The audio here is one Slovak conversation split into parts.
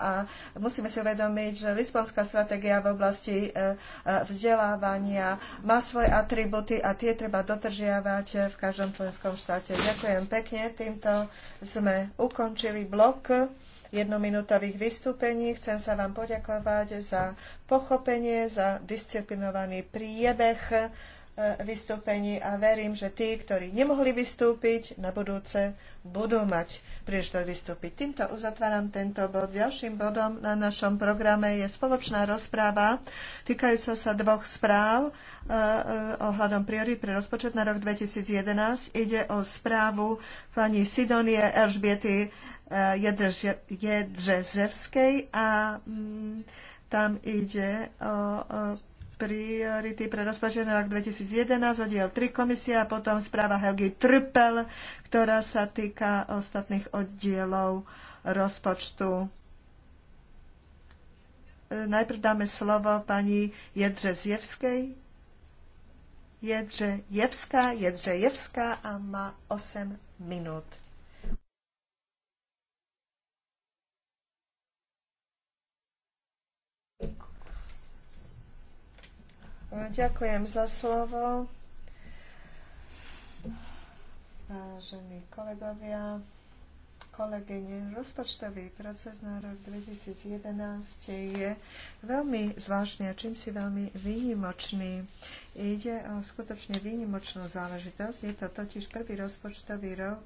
a musíme si uvedomiť, že Lisbonská stratégia v oblasti e, e, vzdelávania má svoje atributy a tie treba dotržiavať v každom členskom štáte. Ďakujem pekne. Týmto sme ukončili blok jednominútových vystúpení. Chcem sa vám poďakovať za pochopenie, za disciplinovaný priebeh E, vystúpení a verím, že tí, ktorí nemohli vystúpiť na budúce, budú mať príležitosť vystúpiť. Týmto uzatváram tento bod. Ďalším bodom na našom programe je spoločná rozpráva týkajúca sa dvoch správ e, e, ohľadom priory pre rozpočet na rok 2011. Ide o správu pani Sidonie Elžbiety Jedrzevskej a mm, tam ide o priority pre rozpočet na rok 2011, oddiel 3 komisia a potom správa Helgy Trpel, ktorá sa týka ostatných oddielov rozpočtu. Najprv dáme slovo pani Jedře Zjevskej. Jedře Jevská, Jedře Jevská a má 8 minút. Ďakujem za slovo. Vážení kolegovia, kolegyne, rozpočtový proces na rok 2011 je veľmi zvláštny a čím si veľmi výnimočný. Ide o skutočne výnimočnú záležitosť. Je to totiž prvý rozpočtový rok,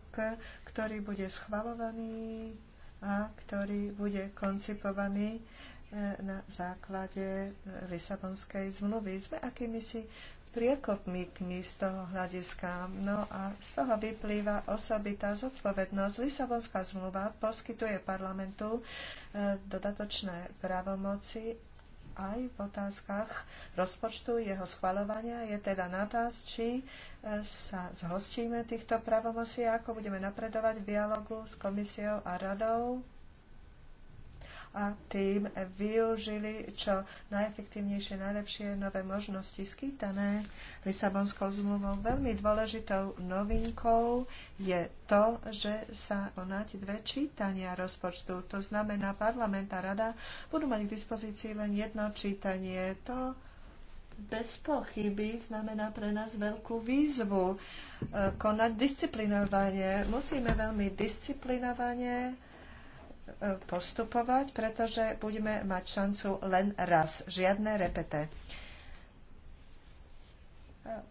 ktorý bude schvalovaný a ktorý bude koncipovaný na základe Lisabonskej zmluvy. Sme akýmisi priekopníkmi z toho hľadiska. No a z toho vyplýva osobitá zodpovednosť. Lisabonská zmluva poskytuje parlamentu e, dodatočné právomoci aj v otázkach rozpočtu, jeho schvalovania. Je teda na vás, či e, sa zhostíme týchto pravomocí, ako budeme napredovať v dialogu s komisiou a radou a tým využili čo najefektívnejšie, najlepšie nové možnosti skýtané Lisabonskou zmluvou. Veľmi dôležitou novinkou je to, že sa konať dve čítania rozpočtu. To znamená, parlament a rada budú mať k dispozícii len jedno čítanie. To bez pochyby znamená pre nás veľkú výzvu e, konať disciplinovanie. Musíme veľmi disciplinovanie postupovať, pretože budeme mať šancu len raz, žiadne repete.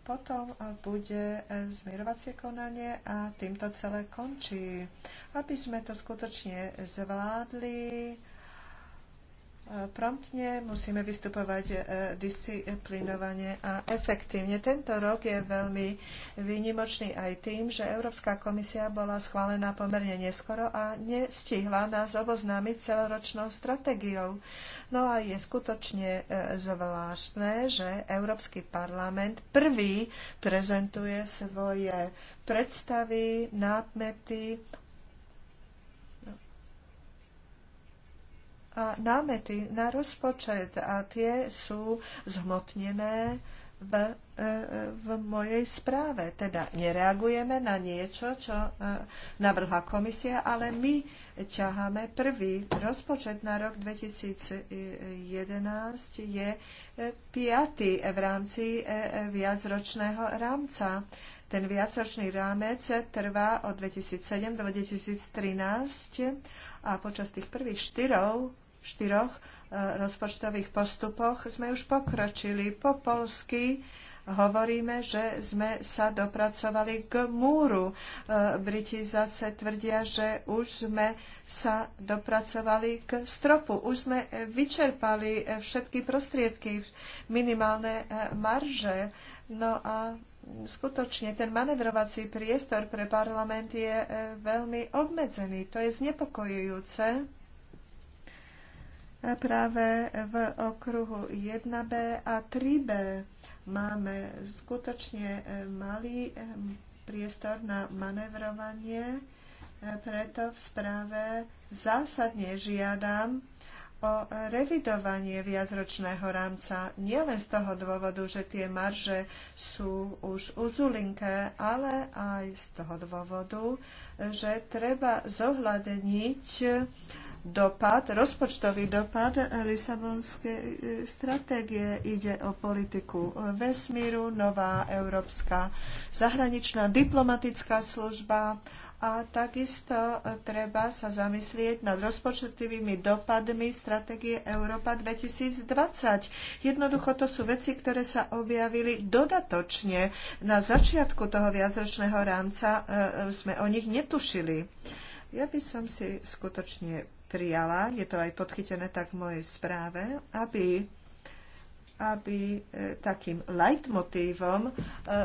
Potom bude zmierovacie konanie a týmto celé končí. Aby sme to skutočne zvládli, promptne, musíme vystupovať e, disciplinovane a efektívne. Tento rok je veľmi výnimočný aj tým, že Európska komisia bola schválená pomerne neskoro a nestihla nás oboznámiť celoročnou stratégiou. No a je skutočne e, zvláštne, že Európsky parlament prvý prezentuje svoje predstavy, nápmety, a námety na rozpočet a tie sú zhmotnené v, e, v mojej správe. Teda nereagujeme na niečo, čo e, navrhla komisia, ale my ťaháme prvý. Rozpočet na rok 2011 je e, piatý v rámci viacročného rámca. Ten viacročný rámec trvá od 2007 do 2013 a počas tých prvých štyrov štyroch e, rozpočtových postupoch sme už pokročili. Po polsky hovoríme, že sme sa dopracovali k múru. E, Briti zase tvrdia, že už sme sa dopracovali k stropu. Už sme vyčerpali e, všetky prostriedky, minimálne marže. No a skutočne ten manevrovací priestor pre parlament je veľmi obmedzený. To je znepokojujúce práve v okruhu 1B a 3B máme skutočne eh, malý eh, priestor na manevrovanie, eh, preto v správe zásadne žiadam o revidovanie viacročného rámca. Nielen z toho dôvodu, že tie marže sú už uzulinké, ale aj z toho dôvodu, že treba zohľadniť dopad, rozpočtový dopad Lisabonskej e, stratégie. Ide o politiku vesmíru, nová európska zahraničná diplomatická služba a takisto treba sa zamyslieť nad rozpočtovými dopadmi stratégie Európa 2020. Jednoducho to sú veci, ktoré sa objavili dodatočne. Na začiatku toho viacročného rámca e, e, sme o nich netušili. Ja by som si skutočne prijala, je to aj podchytené tak v mojej správe, aby, aby e, takým leitmotívom e,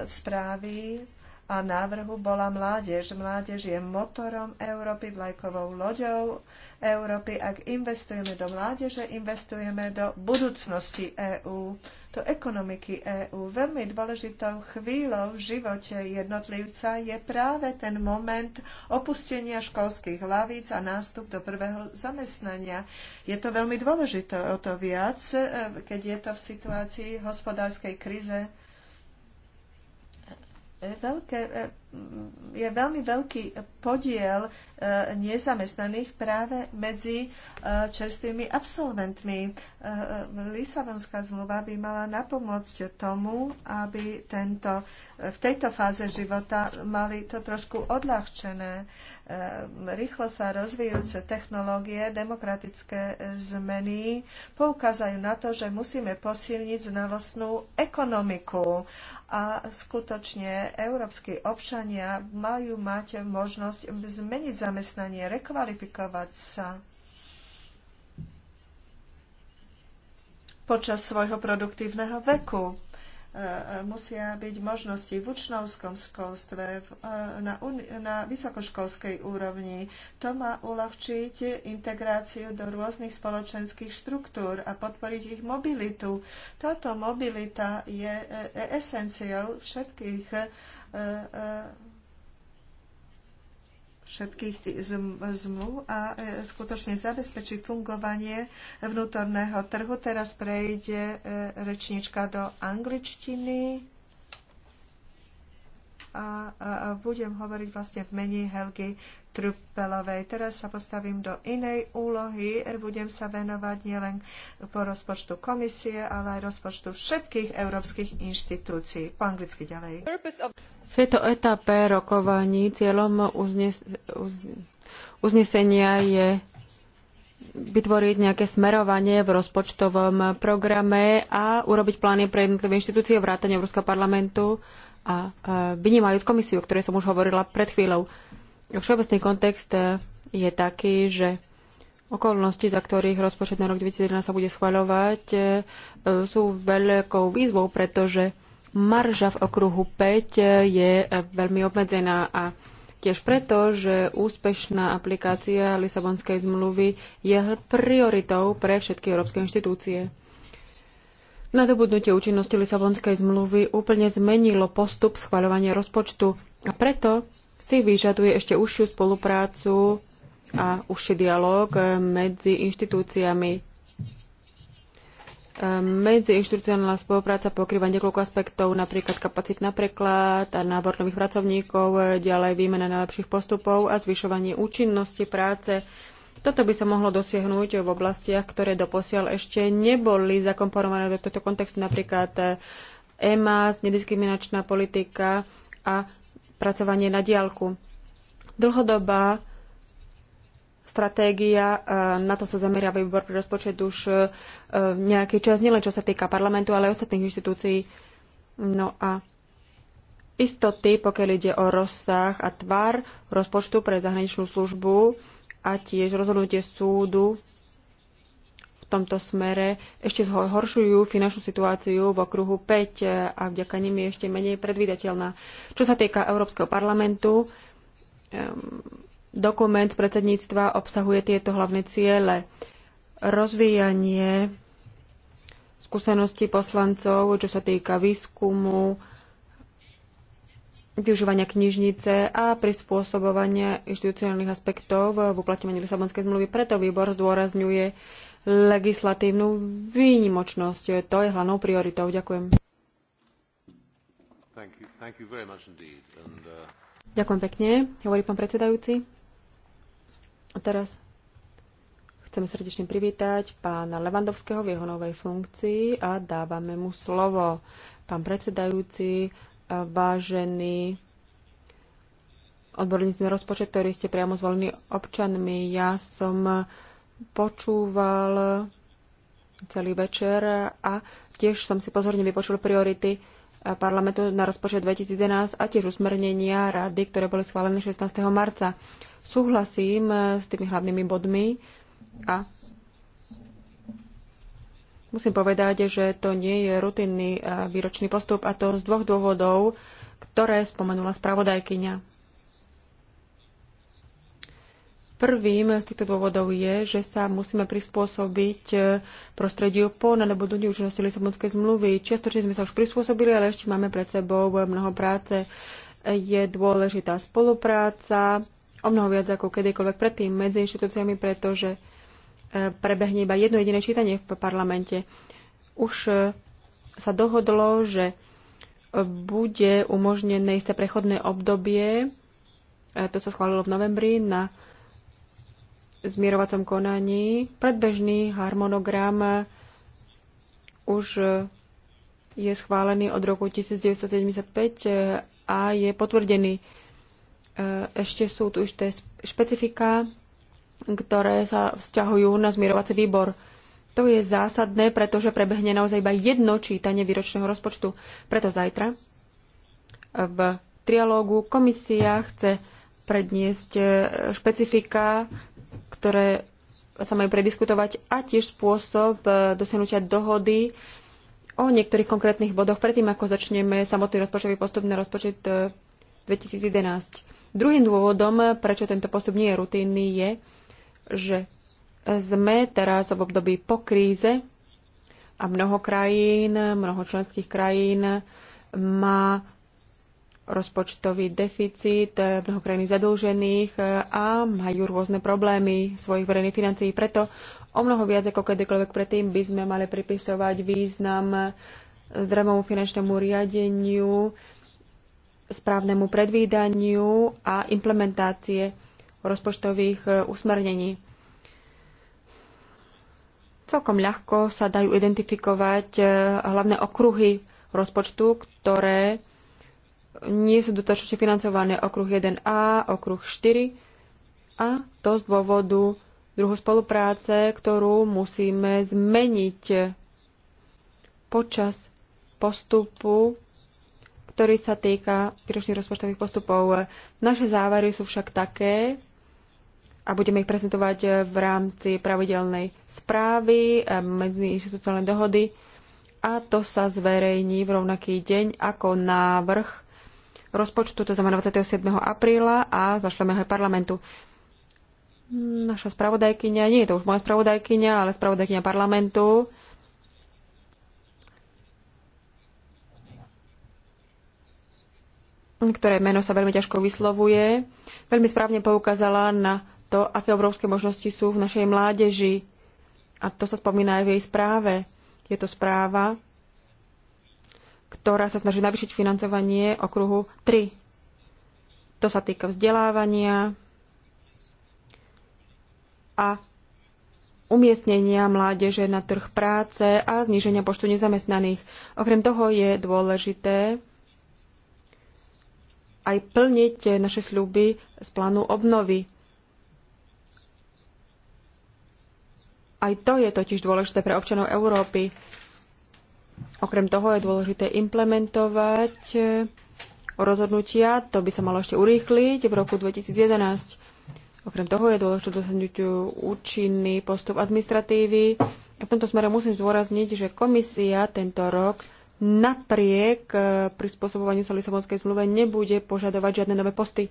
správy a návrhu bola mládež. Mládež je motorom Európy, vlajkovou loďou Európy. Ak investujeme do mládeže, investujeme do budúcnosti EÚ. EU do ekonomiky EÚ. Veľmi dôležitou chvíľou v živote jednotlivca je práve ten moment opustenia školských hlavíc a nástup do prvého zamestnania. Je to veľmi dôležité o to viac, e, keď je to v situácii hospodárskej krize veľké, e, je veľmi veľký podiel e, nezamestnaných práve medzi e, čerstvými absolventmi. Lisabonská zmluva by mala napomôcť tomu, aby tento, v tejto fáze života mali to trošku odľahčené. Rýchlo sa rozvíjúce technológie, demokratické zmeny poukazajú na to, že musíme posilniť znalostnú ekonomiku a skutočne európsky občania majú mať možnosť zmeniť zamestnanie, rekvalifikovať sa počas svojho produktívneho veku E, e, musia byť možnosti v učnovskom školstve, e, na, na vysokoškolskej úrovni. To má uľahčiť integráciu do rôznych spoločenských štruktúr a podporiť ich mobilitu. Táto mobilita je esenciou všetkých všetkých zmluv a e, skutočne zabezpečí fungovanie vnútorného trhu. Teraz prejde e, rečnička do angličtiny a, a, a budem hovoriť vlastne v mení Helgy Trupelovej. Teraz sa postavím do inej úlohy. Budem sa venovať nielen po rozpočtu komisie, ale aj rozpočtu všetkých európskych inštitúcií. Po anglicky ďalej. V tejto etape rokovaní cieľom uznes, uz, uznesenia je vytvoriť nejaké smerovanie v rozpočtovom programe a urobiť plány pre jednotlivé inštitúcie vrátane Európskeho parlamentu a e, vynímajú komisiu, o ktorej som už hovorila pred chvíľou. Všeobecný kontext e, je taký, že okolnosti, za ktorých rozpočet na rok 2011 sa bude schvaľovať, e, sú veľkou výzvou, pretože marža v okruhu 5 je veľmi obmedzená a tiež preto, že úspešná aplikácia Lisabonskej zmluvy je prioritou pre všetky európske inštitúcie. Nadobudnutie účinnosti Lisabonskej zmluvy úplne zmenilo postup schvaľovania rozpočtu a preto si vyžaduje ešte užšiu spoluprácu a užší dialog eh, medzi inštitúciami. Eh, Medziinštitucionálna spolupráca pokrýva niekoľko aspektov, napríklad kapacit na preklad a nábor nových pracovníkov, eh, ďalej výmena najlepších postupov a zvyšovanie účinnosti práce toto by sa mohlo dosiahnuť v oblastiach, ktoré doposiaľ ešte neboli zakomponované do tohto kontextu, napríklad eh, EMAS, nediskriminačná politika a pracovanie na diálku. Dlhodobá stratégia, eh, na to sa zameria výbor pre rozpočet už eh, nejaký čas, nielen čo sa týka parlamentu, ale aj ostatných inštitúcií. No a istoty, pokiaľ ide o rozsah a tvar rozpočtu pre zahraničnú službu, a tiež rozhodnutie súdu v tomto smere ešte zhoršujú finančnú situáciu v okruhu 5 a vďaka nim je ešte menej predvídateľná. Čo sa týka Európskeho parlamentu, dokument z predsedníctva obsahuje tieto hlavné ciele. Rozvíjanie skúseností poslancov, čo sa týka výskumu, využívania knižnice a prispôsobovania inštitucionálnych aspektov v uplatňovaní Lisabonskej zmluvy. Preto výbor zdôrazňuje legislatívnu výnimočnosť. To je hlavnou prioritou. Ďakujem. Thank you. Thank you And, uh... Ďakujem pekne, hovorí pán predsedajúci. A teraz chcem srdečne privítať pána Levandovského v jeho novej funkcii a dávame mu slovo. Pán predsedajúci, vážení odborníci na rozpočet, ktorí ste priamo zvolení občanmi. Ja som počúval celý večer a tiež som si pozorne vypočul priority parlamentu na rozpočet 2011 a tiež usmernenia rady, ktoré boli schválené 16. marca. Súhlasím s tými hlavnými bodmi a Musím povedať, že to nie je rutinný eh, výročný postup a to z dvoch dôvodov, ktoré spomenula spravodajkyňa. Prvým z týchto dôvodov je, že sa musíme prispôsobiť eh, prostrediu po nadobudnutí účinnosti Lisabonskej zmluvy. Čiastočne sme sa už prispôsobili, ale ešte máme pred sebou mnoho práce. Je dôležitá spolupráca, o mnoho viac ako kedykoľvek predtým medzi inštitúciami, pretože prebehne iba jedno jediné čítanie v parlamente. Už e, sa dohodlo, že bude umožnené isté prechodné obdobie, e, to sa schválilo v novembri, na zmierovacom konaní. Predbežný harmonogram e, už je schválený od roku 1975 a je potvrdený. Ešte sú tu ešte špecifika ktoré sa vzťahujú na zmierovací výbor. To je zásadné, pretože prebehne naozaj iba jedno čítanie výročného rozpočtu. Preto zajtra v trialógu komisia chce predniesť e, špecifika, ktoré sa majú prediskutovať a tiež spôsob e, dosiahnutia dohody o niektorých konkrétnych bodoch predtým, ako začneme samotný rozpočtový postup na rozpočet 2011. E, Druhým dôvodom, prečo tento postup nie je rutinný, je, že sme teraz v období po kríze a mnoho krajín, mnoho členských krajín má rozpočtový deficit, mnoho krajín zadlžených a majú rôzne problémy svojich verejných financií. Preto o mnoho viac ako kedykoľvek predtým by sme mali pripisovať význam zdravému finančnému riadeniu, správnemu predvídaniu a implementácie rozpočtových e, usmernení. Celkom ľahko sa dajú identifikovať e, hlavné okruhy rozpočtu, ktoré nie sú dostatočne financované okruh 1A, okruh 4 a to z dôvodu druhu spolupráce, ktorú musíme zmeniť počas postupu, ktorý sa týka výročných rozpočtových postupov. Naše závery sú však také, a budeme ich prezentovať eh, v rámci pravidelnej správy, eh, medzi inštitúciálne dohody a to sa zverejní v rovnaký deň ako návrh rozpočtu, to znamená 27. apríla a zašleme ho aj parlamentu. Naša spravodajkyňa, nie je to už moja spravodajkyňa, ale spravodajkynia parlamentu, ktoré meno sa veľmi ťažko vyslovuje, veľmi správne poukázala na to, aké obrovské možnosti sú v našej mládeži. A to sa spomína aj v jej správe. Je to správa, ktorá sa snaží navýšiť financovanie okruhu 3. To sa týka vzdelávania a umiestnenia mládeže na trh práce a zníženia počtu nezamestnaných. Okrem toho je dôležité aj plniť naše sľuby z plánu obnovy Aj to je totiž dôležité pre občanov Európy. Okrem toho je dôležité implementovať e, rozhodnutia, to by sa malo ešte urýchliť v roku 2011. Okrem toho je dôležité dosiahnuť účinný postup administratívy. A v tomto smere musím zdôrazniť, že komisia tento rok napriek e, prispôsobovaniu sa Lisabonskej zmluve nebude požadovať žiadne nové posty.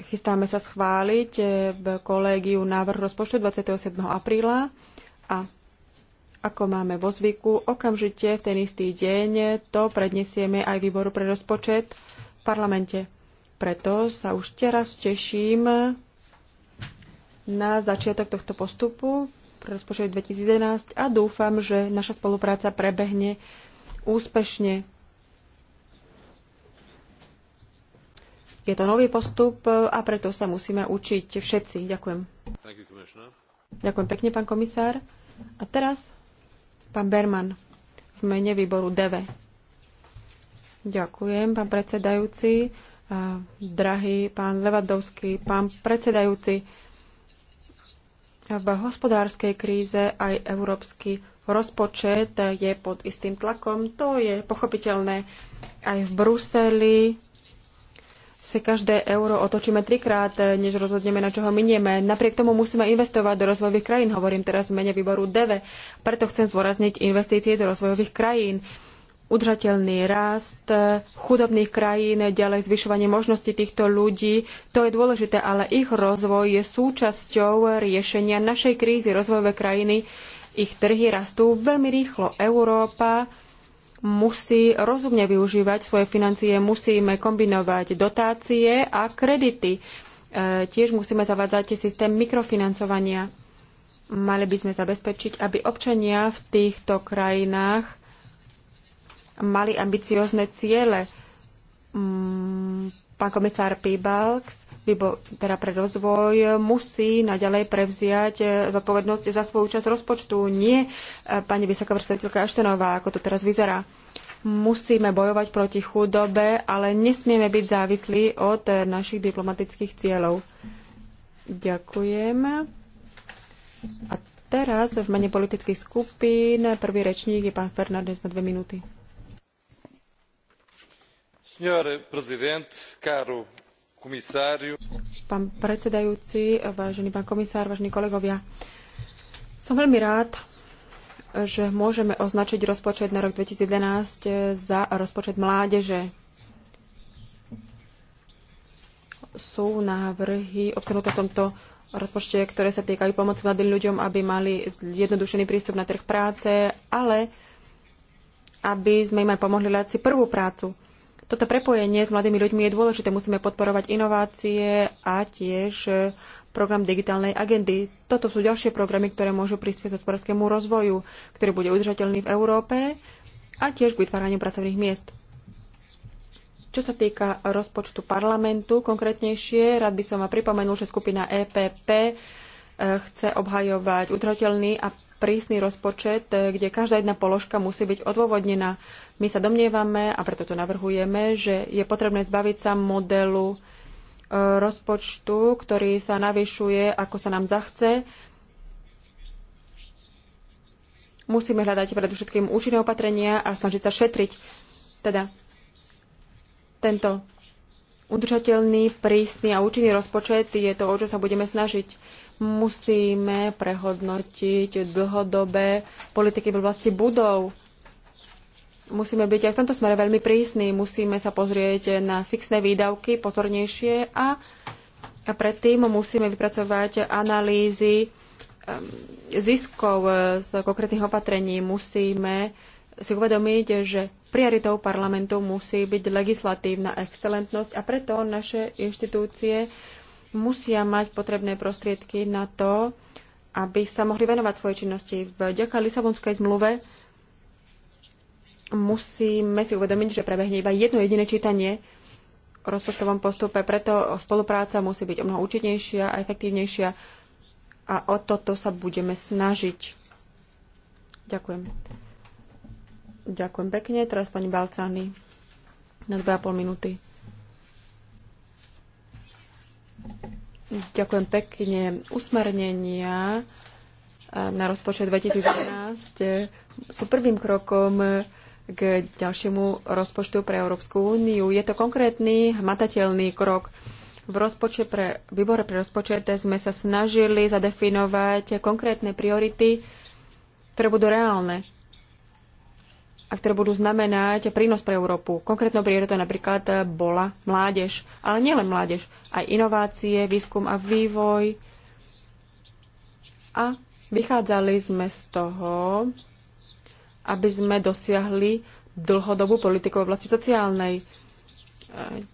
Chystáme sa schváliť e, v kolégiu návrh rozpočtu 27. apríla a ako máme vo zvyku, okamžite v ten istý deň to prednesieme aj výboru pre rozpočet v parlamente. Preto sa už teraz teším na začiatok tohto postupu pre rozpočet 2011 a dúfam, že naša spolupráca prebehne úspešne Je to nový postup e, a preto sa musíme učiť všetci. Ďakujem. Ďakujem pekne, pán komisár. A teraz pán Berman v mene výboru DV. Ďakujem, pán predsedajúci. E, drahý pán Levadovský, pán predsedajúci, v hospodárskej kríze aj európsky rozpočet je pod istým tlakom. To je pochopiteľné aj v Bruseli si každé euro otočíme trikrát, eh, než rozhodneme, na čo ho minieme. Napriek tomu musíme investovať do rozvojových krajín. Hovorím teraz v mene výboru DEVE. Preto chcem zdôrazniť investície do rozvojových krajín udržateľný rast eh, chudobných krajín, ďalej zvyšovanie možností týchto ľudí. To je dôležité, ale ich rozvoj je súčasťou riešenia našej krízy. Rozvojové krajiny, ich trhy rastú veľmi rýchlo. Európa musí rozumne využívať svoje financie. Musíme kombinovať dotácie a kredity. E, tiež musíme zavádzať systém mikrofinancovania. Mali by sme zabezpečiť, aby občania v týchto krajinách mali ambiciozne ciele. Mm, pán komisár Pibalks teda pre rozvoj eh, musí naďalej prevziať eh, zodpovednosť za svoju časť rozpočtu. Nie eh, pani vysoká predstaviteľka Aštenová, ako to teraz vyzerá. Musíme bojovať proti chudobe, ale nesmieme byť závislí od našich diplomatických cieľov. Ďakujem. A teraz v mene politických skupín prvý rečník je pán Fernández na dve minúty. Presidente, caro Pán predsedajúci, vážený pán komisár, vážení kolegovia, som veľmi rád, že môžeme označiť rozpočet na rok 2011 za rozpočet mládeže. Sú návrhy obsahnuté v tomto rozpočte, ktoré sa týkajú pomoci mladým ľuďom, aby mali jednodušený prístup na trh práce, ale aby sme im aj pomohli hľadať si prvú prácu. Toto prepojenie s mladými ľuďmi je dôležité. Musíme podporovať inovácie a tiež e, program digitálnej agendy. Toto sú ďalšie programy, ktoré môžu prispieť hospodárskému rozvoju, ktorý bude udržateľný v Európe a tiež k vytváraniu pracovných miest. Čo sa týka rozpočtu parlamentu konkrétnejšie, rád by som vám pripomenul, že skupina EPP e, chce obhajovať udržateľný a prísny rozpočet, e, kde každá jedna položka musí byť odôvodnená. My sa domnievame, a preto to navrhujeme, že je potrebné zbaviť sa modelu e, rozpočtu, ktorý sa navyšuje, ako sa nám zachce. Musíme hľadať predovšetkým účinné opatrenia a snažiť sa šetriť. Teda tento udržateľný, prísny a účinný rozpočet je to, o čo sa budeme snažiť musíme prehodnotiť dlhodobé politiky v oblasti budov. Musíme byť aj v tomto smere veľmi prísni, musíme sa pozrieť na fixné výdavky pozornejšie a predtým musíme vypracovať analýzy ehm, ziskov z konkrétnych opatrení. Musíme si uvedomiť, že prioritou parlamentu musí byť legislatívna excelentnosť a preto naše inštitúcie musia mať potrebné prostriedky na to, aby sa mohli venovať svojej činnosti. Vďaka Lisabonskej zmluve musíme si uvedomiť, že prebehne iba jedno jediné čítanie o rozpočtovom postupe, preto spolupráca musí byť o mnoho účinnejšia a efektívnejšia a o toto sa budeme snažiť. Ďakujem. Ďakujem pekne. Teraz pani Balcány na 2,5 minúty. Ďakujem pekne. Usmernenia eh, na rozpočet 2012 eh, sú prvým krokom eh, k ďalšiemu rozpočtu pre Európsku úniu. Je to konkrétny, hmatateľný krok. V rozpočte pre, výbore pre rozpočet sme sa snažili zadefinovať konkrétne priority, ktoré budú reálne a ktoré budú znamenať prínos pre Európu. Konkrétnou prioritou napríklad bola mládež, ale nielen mládež, aj inovácie, výskum a vývoj. A vychádzali sme z toho, aby sme dosiahli dlhodobú politiku v oblasti sociálnej. E,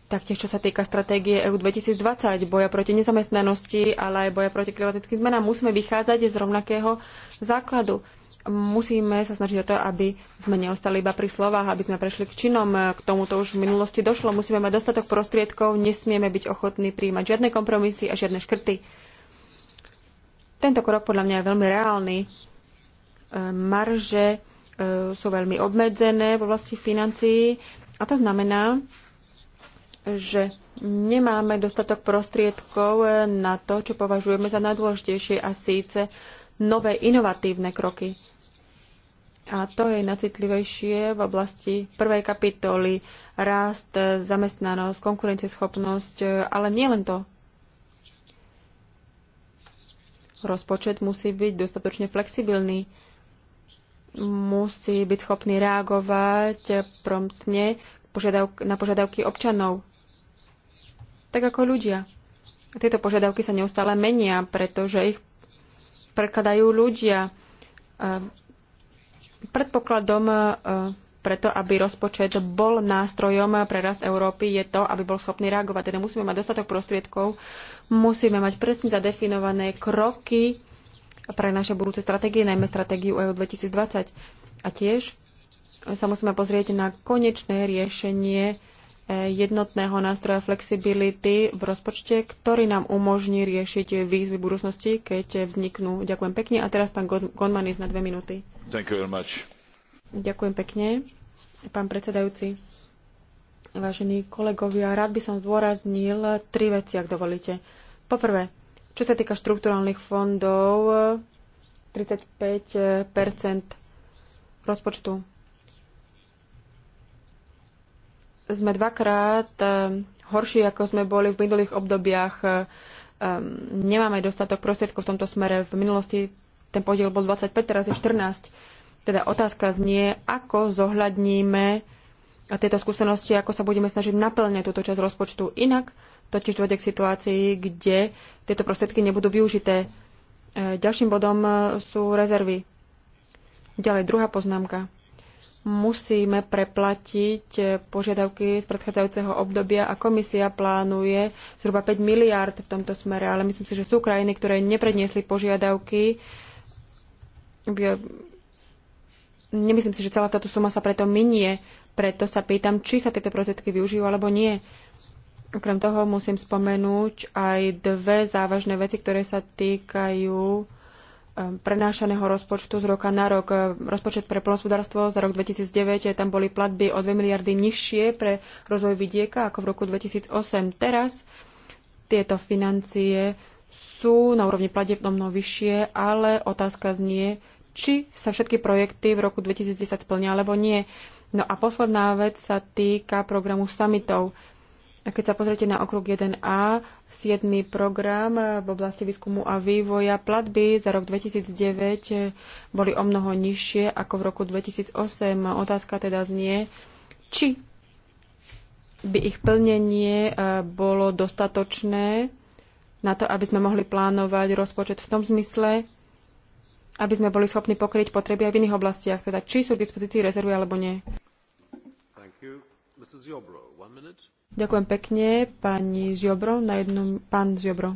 taktiež, čo sa týka stratégie EU 2020, boja proti nezamestnanosti, ale aj boja proti klimatickým zmenám, musíme vychádzať z rovnakého základu musíme sa snažiť o to, aby sme neostali iba pri slovách, aby sme prešli k činom. K tomuto už v minulosti došlo. Musíme mať dostatok prostriedkov, nesmieme byť ochotní príjmať žiadne kompromisy a žiadne škrty. Tento krok podľa mňa je veľmi reálny. E, marže e, sú veľmi obmedzené v oblasti financií a to znamená, že nemáme dostatok prostriedkov e, na to, čo považujeme za najdôležitejšie a síce nové inovatívne kroky. A to je najcitlivejšie v oblasti prvej kapitoly rast, zamestnanosť, konkurencieschopnosť, ale nielen to. Rozpočet musí byť dostatočne flexibilný, musí byť schopný reagovať promptne na požiadavky občanov, tak ako ľudia. Tieto požiadavky sa neustále menia, pretože ich prekladajú ľudia ehm, Predpokladom e, preto, aby rozpočet bol nástrojom pre rast Európy, je to, aby bol schopný reagovať. Teda musíme mať dostatok prostriedkov, musíme mať presne zadefinované kroky pre naše budúce stratégie, najmä stratégiu EU 2020. A tiež sa musíme pozrieť na konečné riešenie jednotného nástroja flexibility v rozpočte, ktorý nám umožní riešiť výzvy budúcnosti, keď vzniknú. Ďakujem pekne. A teraz pán Godmanis na dve minúty. Ďakujem pekne. Pán predsedajúci, vážení kolegovia, rád by som zdôraznil tri veci, ak dovolíte. Poprvé, čo sa týka štruktúrálnych fondov, 35 rozpočtu sme dvakrát eh, horší, ako sme boli v minulých obdobiach. Eh, ehm, nemáme dostatok prostriedkov v tomto smere. V minulosti ten podiel bol 25, teraz je 14. Teda otázka znie, ako zohľadníme tieto skúsenosti, ako sa budeme snažiť naplňať túto časť rozpočtu. Inak totiž dôjde k situácii, kde tieto prostriedky nebudú využité. Eh, ďalším bodom sú rezervy. Ďalej druhá poznámka musíme preplatiť eh, požiadavky z predchádzajúceho obdobia a komisia plánuje zhruba 5 miliárd v tomto smere, ale myslím si, že sú krajiny, ktoré nepredniesli požiadavky. Nemyslím si, že celá táto suma sa preto minie, preto sa pýtam, či sa tieto prostriedky využijú alebo nie. Okrem toho musím spomenúť aj dve závažné veci, ktoré sa týkajú prenášaného rozpočtu z roka na rok. Rozpočet pre plnospodárstvo za rok 2009 tam boli platby o 2 miliardy nižšie pre rozvoj vidieka ako v roku 2008. Teraz tieto financie sú na úrovni platieb mnoho vyššie, ale otázka znie, či sa všetky projekty v roku 2010 splnia alebo nie. No a posledná vec sa týka programu summitov. A keď sa pozriete na okruh 1a, 7. program v oblasti výskumu a vývoja, platby za rok 2009 boli o mnoho nižšie ako v roku 2008. Otázka teda znie, či by ich plnenie eh, bolo dostatočné na to, aby sme mohli plánovať rozpočet v tom zmysle, aby sme boli schopní pokryť potreby aj v iných oblastiach, teda či sú k dispozícii rezervy alebo nie. Thank you. Mrs. Jobro, one minute. Ďakujem pekne. Pani Ziobro, na jednu, pán Ziobro.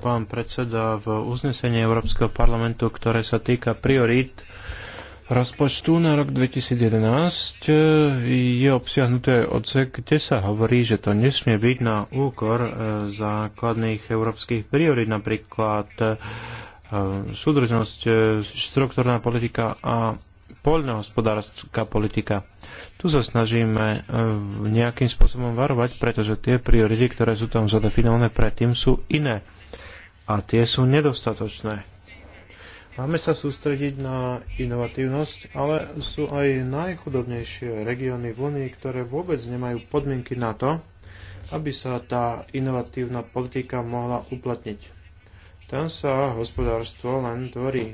Pán predseda, v uznesení Európskeho parlamentu, ktoré sa týka priorít rozpočtu na rok 2011, je obsiahnuté odsek, kde sa hovorí, že to nesmie byť na úkor e, základných európskych priorít, napríklad e, súdržnosť, e, štrukturná politika a poľnohospodárska politika. Tu sa snažíme e, nejakým spôsobom varovať, pretože tie priority, ktoré sú tam zadefinované predtým, sú iné a tie sú nedostatočné. Máme sa sústrediť na inovatívnosť, ale sú aj najchudobnejšie regióny v Únii, ktoré vôbec nemajú podmienky na to, aby sa tá inovatívna politika mohla uplatniť. Tam sa hospodárstvo len tvorí.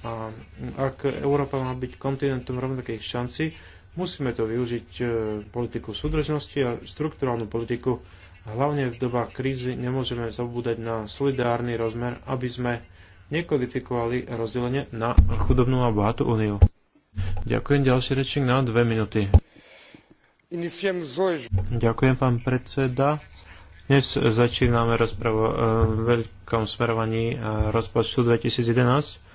A ak Európa má byť kontinentom rovnakých šanci, musíme to využiť e, politiku súdržnosti a štrukturálnu politiku. Hlavne v dobách krízy nemôžeme zabúdať na solidárny rozmer, aby sme nekodifikovali rozdelenie na chudobnú a bohatú úniu. Ďakujem, ďalší rečník na dve minúty. Ďakujem, pán predseda. Dnes začíname rozpravu o e, veľkom smerovaní e, rozpočtu 2011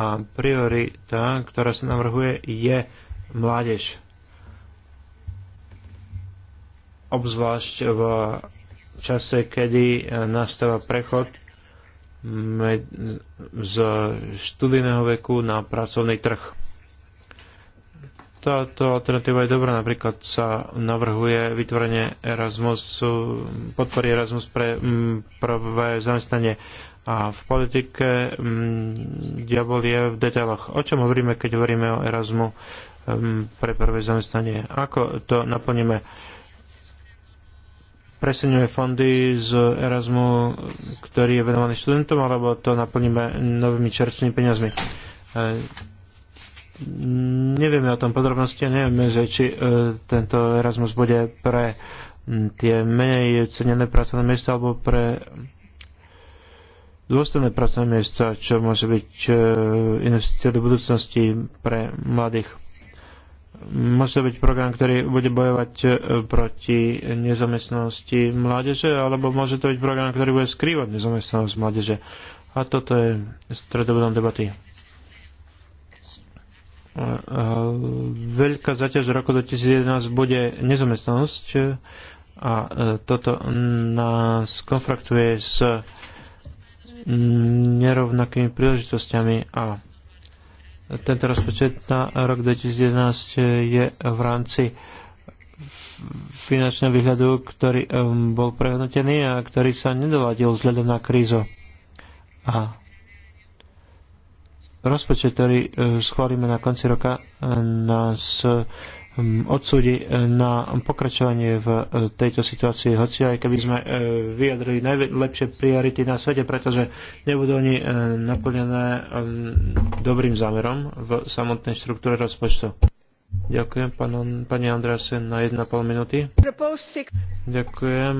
a priorita, ktorá sa navrhuje, je mládež. Obzvlášť v čase, kedy nastáva prechod z študijného veku na pracovný trh. Táto alternatíva je dobrá, napríklad sa navrhuje vytvorenie Erasmus, podpory Erasmus pre mm, prvé zamestnanie a v politike m, mm, diabol je v detailoch. O čom hovoríme, keď hovoríme o Erasmu m, mm, pre prvé zamestnanie? Ako to naplníme? Presenujeme fondy z Erasmu, ktorý je venovaný študentom, alebo to naplníme novými čerstvými peniazmi? E, nevieme o tom podrobnosti a nevieme, že či e, tento Erasmus bude pre tie menej cenené pracovné miesta alebo pre dôstojné pracovné miesta, čo môže byť e, investícia do budúcnosti pre mladých. Môže to byť program, ktorý bude bojovať e, proti nezamestnanosti mládeže, alebo môže to byť program, ktorý bude skrývať nezamestnanosť mládeže. A toto je stredobodom debaty e, veľká zaťaž roku 2011 bude nezamestnanosť a toto nás konfraktuje s nerovnakými príležitostiami. a tento rozpočet na rok 2011 je v rámci finančného výhľadu, ktorý bol prehodnotený a ktorý sa nedoladil vzhľadom na krízu. A rozpočet, ktorý eh, schválime na konci roka, eh, nás odsúdi e, na pokračovanie v e, tejto situácii, hoci aj keby sme e, vyjadrili najlepšie priority na svete, pretože nebudú oni naplnené dobrým zámerom v samotnej štruktúre rozpočtu. Ďakujem, pán, pani Andrásen, na 1,5 minúty. Ďakujem.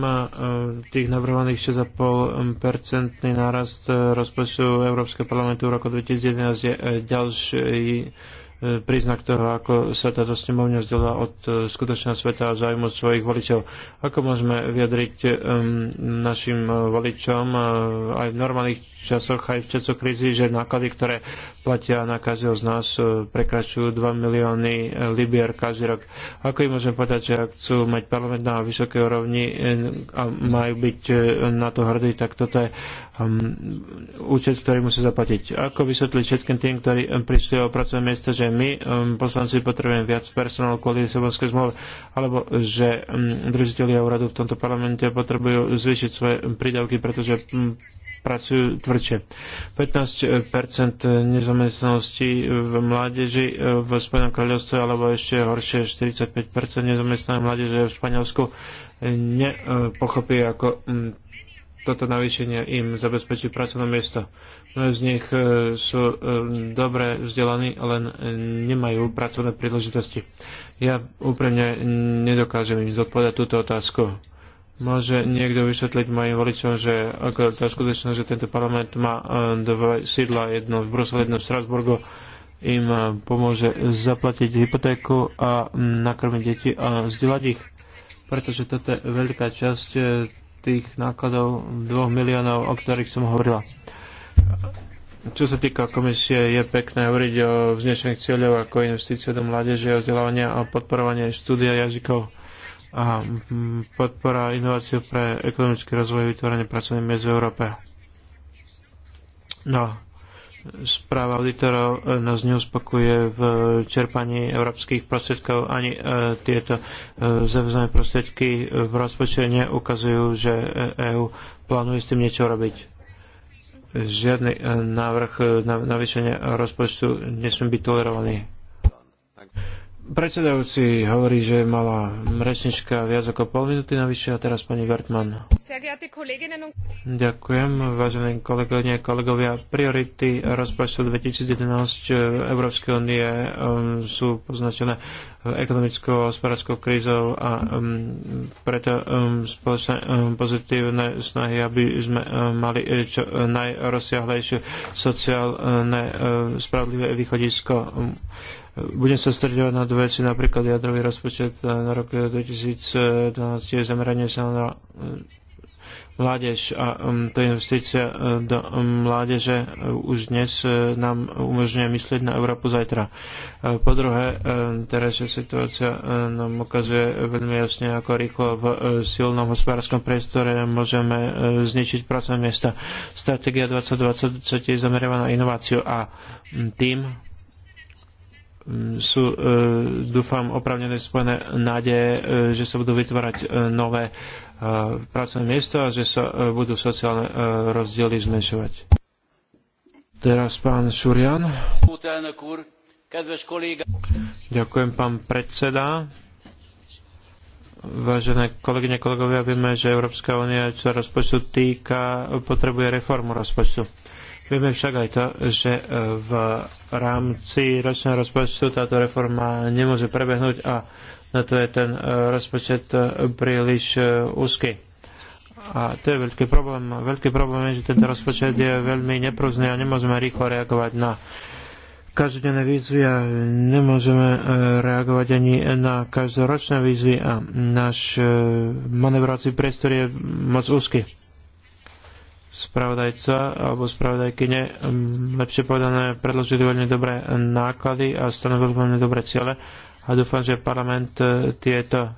Tých navrhovaných 6,5-percentný nárast rozpočtu Európskeho parlamentu v roku 2011 je ďalší E, príznak toho, ako sa táto snemovňa vzdiela od e, skutočného sveta a zájmu svojich voličov. Ako môžeme vyjadriť e, našim voličom aj v normálnych časoch, aj v časoch krízy, že náklady, ktoré platia na každého z nás, prekračujú 2 milióny libier každý rok. Ako im môžeme povedať, že ak chcú mať parlament na vysokej úrovni a majú byť na to hrdí, tak toto je um, účet, ktorý musí zaplatiť. Ako vysvetliť všetkým tým, ktorí um, prišli o pracovné miesto, že my, um, poslanci, potrebujeme viac personálu kvôli Lisabonskej zmluve, alebo že um, držiteľia úradu v tomto parlamente potrebujú zvýšiť svoje um, prídavky, pretože um, pracujú tvrdšie. 15% nezamestnanosti v mládeži uh, v Spojenom kráľovstve alebo ešte horšie 45% nezamestnanej mládeže v Španielsku uh, nepochopí, ako um, toto navýšenie im zabezpečí pracovné miesto. Mnohí z nich e, sú e, dobre vzdelaní, len e, nemajú pracovné príležitosti. Ja úprimne nedokážem im zodpovedať túto otázku. Môže niekto vysvetliť mojim voličom, že ako tá skutočnosť, že tento parlament má dve sídla, jedno v Bruseli, jedno v Strasburgu, im pomôže zaplatiť hypotéku a nakrmiť deti a vzdelať ich pretože toto je veľká časť tých nákladov 2 miliónov, o ktorých som hovorila. Čo sa týka komisie, je pekné hovoriť o vznešených cieľov ako investície do mládeže, o vzdelávania a podporovanie štúdia jazykov a podpora inovácií pre ekonomický rozvoj a vytvorenie pracovných miest v Európe. No, správa auditorov e, nás neuspokuje v čerpaní európskych prostriedkov. Ani e, tieto e, záväzné prostriedky v rozpočte neukazujú, že EÚ plánuje s tým niečo robiť. Žiadny návrh na navýšenie rozpočtu nesmie byť tolerovaný Predsedajúci hovorí, že mala rečnička viac ako pol minúty navyše a teraz pani Wertmann. Ďakujem, vážení kolegyne, kolegovia. Priority rozpočtu 2011 Európskej únie um, sú poznačené ekonomickou a hospodárskou krízou a um, preto um, spoločné pozitívne snahy, aby sme mali e, čo najrozsiahlejšie sociálne spravodlivé východisko budem sa stredovať na dve veci, napríklad jadrový rozpočet na rok 2012 je zameranie sa na e, mládež a um, je investícia e, do um, mládeže e, už dnes nám umožňuje myslieť na Európu zajtra. Po druhé, je situácia nám ukazuje veľmi jasne, ako rýchlo v silnom hospodárskom priestore môžeme zničiť pracovné miesta. Stratégia 2020 je zameriavaná na inováciu a tým sú, e, dúfam, opravnené spojené nádeje, e, že sa budú vytvárať e, nové pracovné miesta a že sa budú sociálne rozdiely zmenšovať. Teraz pán Šurian. Ďakujem, pán predseda. Vážené kolegyne, kolegovia, vieme, že Európska únia, čo rozpočtu týka, potrebuje reformu rozpočtu Vieme však aj to, že e, v rámci ročného rozpočtu táto reforma nemôže prebehnúť a na to je ten e, rozpočet e, príliš úzky. A to je veľký problém. Veľký problém je, že tento rozpočet je veľmi neprúzný a nemôžeme rýchlo reagovať na každodenné výzvy a nemôžeme reagovať ani na každoročné výzvy a náš manevrovací priestor je moc úzky spravodajca alebo spravodajkyne, lepšie povedané, predložili veľmi dobré náklady a stanovili veľmi dobré ciele a dúfam, že parlament e, tieto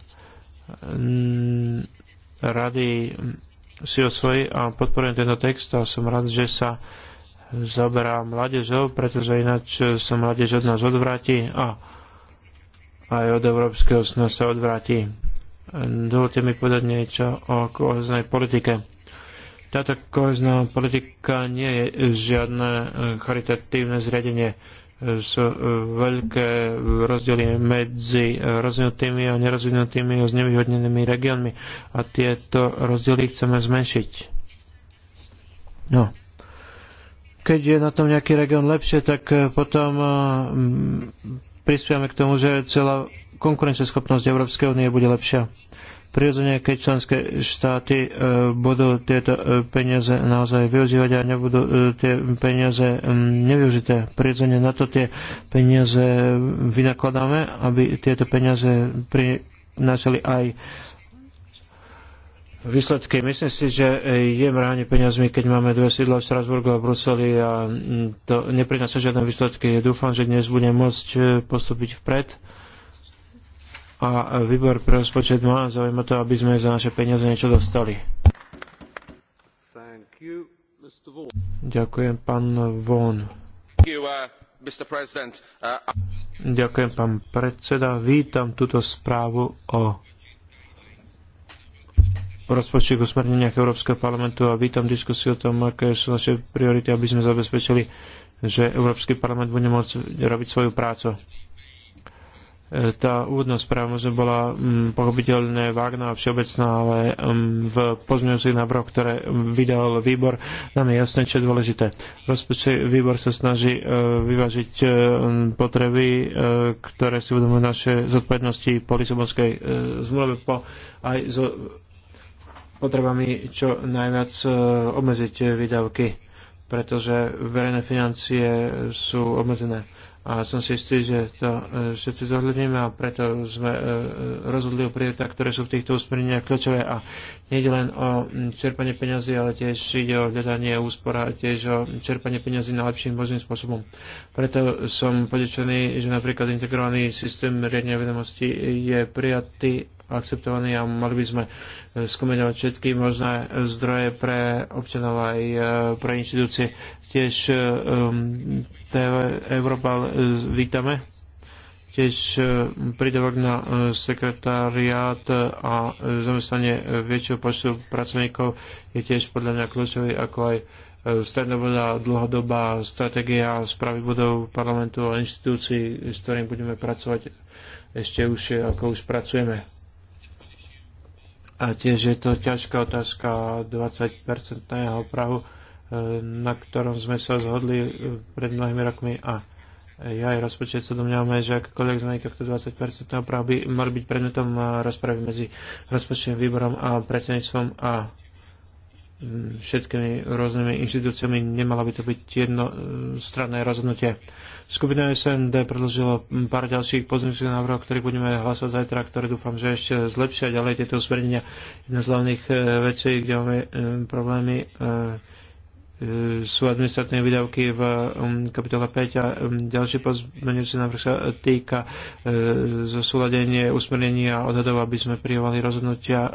rady si osvojí a podporujem tento text a som rád, že sa zaberá mládežou, pretože ináč e, sa mládež od nás odvráti a aj od Európskeho snu sa odvráti. Dovolte mi povedať niečo o kohoznej politike táto kohezná politika nie je žiadne eh, charitatívne zriadenie. Eh, sú eh, veľké rozdiely medzi rozvinutými a nerozvinutými a znevýhodnenými regiónmi a tieto rozdiely chceme zmenšiť. No keď je na tom nejaký región lepšie, tak potom prispievame k tomu, že celá konkurenceschopnosť Európskej únie bude lepšia prirodzene, keď členské štáty e, budú tieto e, peniaze naozaj využívať a nebudú e, tie peniaze nevyužité. Prirodzene na to tie peniaze vynakladáme, aby tieto peniaze prinášali aj výsledky. Myslím si, že je mráne peniazmi, keď máme dve sídla v Štrasburgu a Bruseli a to neprináša žiadne výsledky. Dúfam, že dnes budem môcť postúpiť vpred a výbor pre rozpočet má záujem to, aby sme za naše peniaze niečo dostali. You, Ďakujem, pán Von. You, uh, uh, uh... Ďakujem, pán predseda. Vítam túto správu o rozpočtových usmerneniach Európskeho parlamentu a vítam diskusiu o tom, aké sú naše priority, aby sme zabezpečili, že Európsky parlament bude môcť robiť svoju prácu. Tá úvodná správa možno bola um, pochopiteľne vágna a všeobecná, ale um, v pozmeňujúcich návrhoch, ktoré vydal výbor, nám je jasné, čo je dôležité. Rozpočí, výbor sa snaží uh, vyvážiť uh, potreby, uh, ktoré si uvedomujú naše zodpovednosti po Lisabonskej uh, zmluve, po aj s potrebami čo najviac obmedziť výdavky, pretože verejné financie sú obmedzené a som si istý, že to e, všetci zohľadníme a preto sme e, e, rozhodli o prioritách, ktoré sú v týchto usmereniach kľúčové a je len o čerpanie peňazí, ale tiež ide o hľadanie úspora a tiež o čerpanie peňazí najlepším možným spôsobom. Preto som podečený, že napríklad integrovaný systém riadenia vedomosti je prijatý akceptovaní a mali by sme e, skomenovať všetky možné zdroje pre občanov aj e, pre inštitúcie. Tiež um, e, TV Európa vítame tiež prídavok na sekretariát a zamestnanie väčšieho počtu pracovníkov je tiež podľa mňa kľúčový, ako aj strednodobá, dlhodobá stratégia správy budov parlamentu a inštitúcií, s ktorým budeme pracovať ešte už, ako už pracujeme. A tiež je to ťažká otázka 20-percentného prahu, e, na ktorom sme sa zhodli e, pred mnohými rokmi a ja aj rozpočet sa domňavame, že akékoľvek zmeny tohto 20-percentného prahu by mali byť predmetom e, rozpravy medzi rozpočtovým výborom a predsedníctvom a všetkými rôznymi inštitúciami. Nemalo by to byť jednostranné rozhodnutie. Skupina SND predložila pár ďalších pozemských návrhov, ktoré budeme hlasovať zajtra, ktoré dúfam, že ešte zlepšia ďalej tieto usmernenia. Jedna z hlavných e, vecí, kde máme e, problémy, e, sú administratívne výdavky v um, kapitole 5 a um, ďalší pozmeňujúci návrh sa týka zosúladenie usmernenia a odhadov, aby sme prijovali rozhodnutia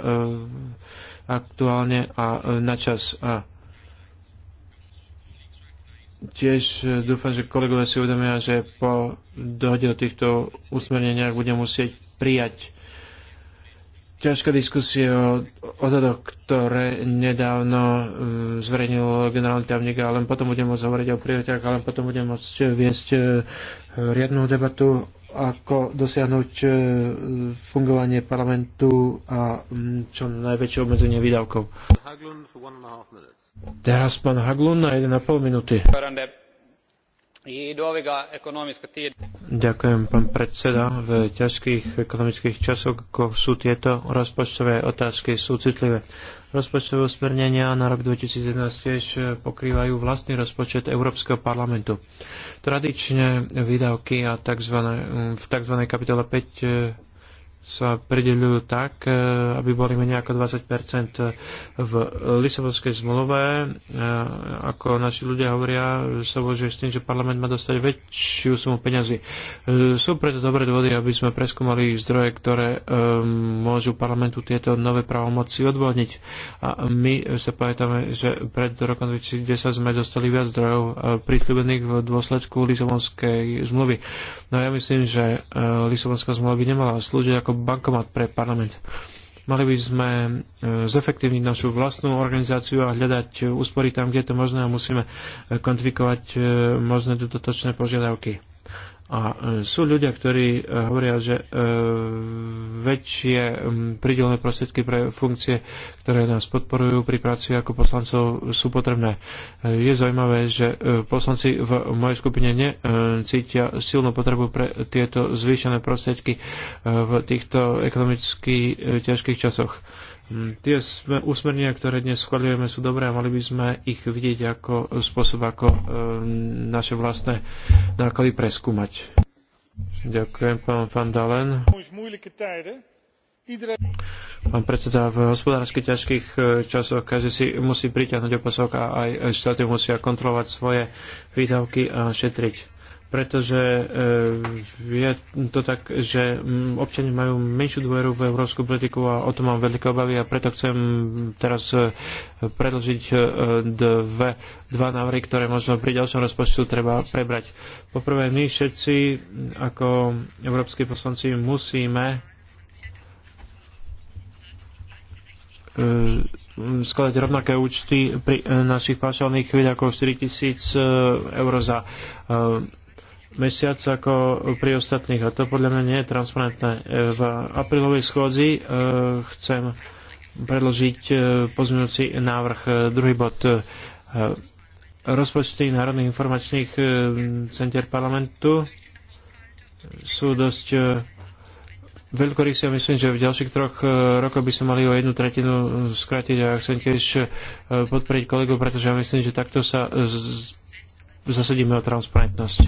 aktuálne a e, načas. A tiež e, dúfam, že kolegovia si uvedomia, že po dohode o týchto usmerneniach budem musieť prijať ťažké diskusie o odhadoch, ktoré nedávno e, zverejnil generálny tajomník ale len potom budem môcť hovoriť o prioritách ale potom budem môcť viesť riadnu debatu ako dosiahnuť e, fungovanie parlamentu a čo najväčšie obmedzenie výdavkov. Teraz pán Haglund na 1,5 minúty. Ďakujem, pán predseda. V ťažkých ekonomických časoch, ako sú tieto rozpočtové otázky, sú citlivé rozpočtové usmernenia na rok 2011 tiež e, pokrývajú vlastný rozpočet Európskeho parlamentu. Tradične výdavky a tzv. v tzv. kapitole 5 sa prideľujú tak, e, aby boli menej ako 20 v Lisabonskej zmluve. E, ako naši ľudia hovoria, sa bože s tým, že parlament má dostať väčšiu sumu peňazí. E, sú preto dobré dôvody, aby sme preskúmali zdroje, ktoré môžu parlamentu tieto nové právomoci odvodniť. A my sa pamätáme, že pred rokom 2010 sme dostali viac zdrojov prísľubených v dôsledku Lisabonskej zmluvy. No ja myslím, že Lisabonská zmluva by nemala slúžiť ako bankomat pre parlament. Mali by sme e, zefektívniť našu vlastnú organizáciu a hľadať úspory tam, kde je to možné a musíme e, kvantifikovať e, možné dodatočné požiadavky a e, sú ľudia, ktorí e, hovoria, že e, väčšie pridelné prostriedky pre funkcie, ktoré nás podporujú pri práci ako poslancov, sú potrebné. Je zaujímavé, že poslanci v mojej skupine necítia silnú potrebu pre tieto zvýšené prostriedky v týchto ekonomicky ťažkých časoch. Hm, tie úsmernia, ktoré dnes schváľujeme, sú dobré a mali by sme ich vidieť ako spôsob, ako e, naše vlastné náklady preskúmať. Ďakujem, pán Van Dalen. Pán predseda, v hospodársky ťažkých e, časoch každý si musí priťahnuť opasok a aj štáty musia kontrolovať svoje výdavky a šetriť pretože eh, je to tak, že mm, občania majú menšiu dôveru v európsku politiku a o tom mám veľké obavy a preto chcem teraz eh, predlžiť eh, dve, dva návrhy, ktoré možno pri ďalšom rozpočtu treba prebrať. Poprvé, my všetci ako európsky poslanci musíme skladať rovnaké účty pri našich paušálnych výdavkoch 4000 eur za mesiac ako pri ostatných a to podľa mňa nie je transparentné. V aprílovej schôdzi e, chcem predložiť e, pozmeňujúci návrh. E, druhý bod rozpočty Národných informačných center parlamentu sú dosť veľkorysie. myslím, že v ďalších troch rokoch by sme mali o jednu tretinu skrátiť a chcem tiež podporiť kolegov, pretože ja myslím, že takto sa zasadíme o transparentnosť.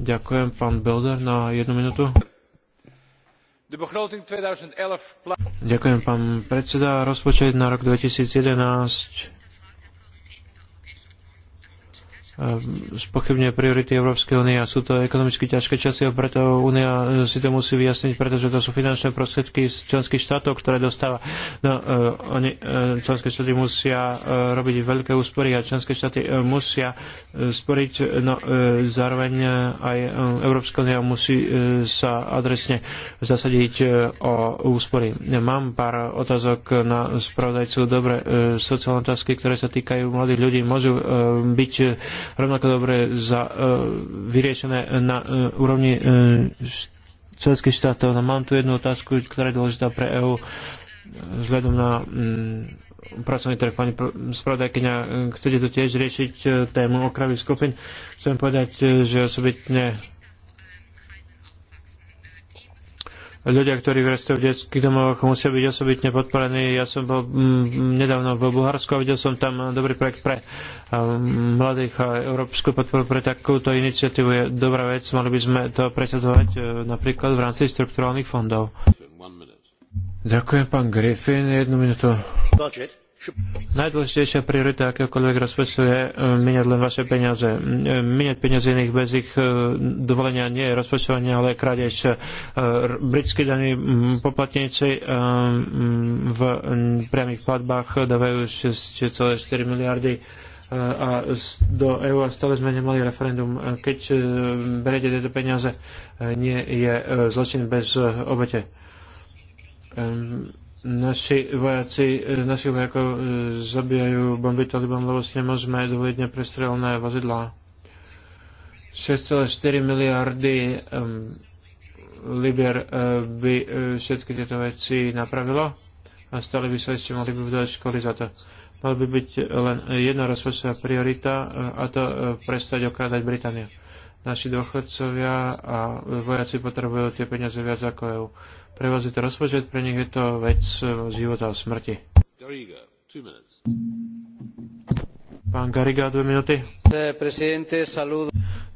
Ďakujem, pán Belder, na jednu minútu. Ďakujem, pán predseda. Rozpočet na rok 2011 spochybňuje priority Európskej únie a sú to ekonomicky ťažké časy a preto únia e, si to musí vyjasniť, pretože to sú finančné prostriedky z členských štátov, ktoré dostáva. No, e, oni, e, členské štáty musia robiť veľké úspory a členské štáty musia sporiť, no zároveň aj Európska únia musí sa adresne zasadiť o úspory. Mám pár otázok na spravodajcu. Dobre, sociálne otázky, ktoré sa týkajú mladých ľudí, môžu byť rovnako dobre za, e, vyriešené na e, úrovni e, členských štátov. No, mám tu jednu otázku, ktorá je dôležitá pre EÚ vzhľadom na mm, pracovný trh. Pani spravodajkyňa, chcete to tiež riešiť tému okravy skupin, Chcem povedať, že osobitne ľudia, ktorí vrastajú v detských domovoch, musia byť osobitne podporení. Ja som bol m, mm, nedávno v Bulharsku a videl som tam dobrý projekt pre um, mladých a európsku podporu pre takúto iniciatívu je dobrá vec. Mali by sme to presadzovať eh, napríklad v rámci strukturálnych fondov. Ďakujem, pán Griffin. Jednu minútu. Budget. Najdôležitejšia priorita akéhokoľvek rozpočtu je e, miniať len vaše peniaze. E, miniať peniaze iných bez ich e, dovolenia nie je rozpočtovanie, ale krádež britskí daní poplatníci v priamých platbách dávajú 6,4 miliardy a do EU a stále sme nemali referendum. Keď beriete tieto peniaze, nie je zločin bez obete naši vojaci, e, našich vojakov e, zabijajú bomby Taliban, lebo si nemôžeme dovoliť neprestrelné vozidlá. 6,4 miliardy um, liber uh, e, by uh, všetky tieto veci napravilo a stále by sa ešte mohli budovať školy za to. Mal by byť len jedna rozpočtová priorita a to prestať okrádať Britániu naši dôchodcovia a vojaci potrebujú tie peniaze viac ako EU. Pre vás je to rozpočet, pre nich je to vec života a smrti. Gariga, pán Gariga, dve minúty. Eh,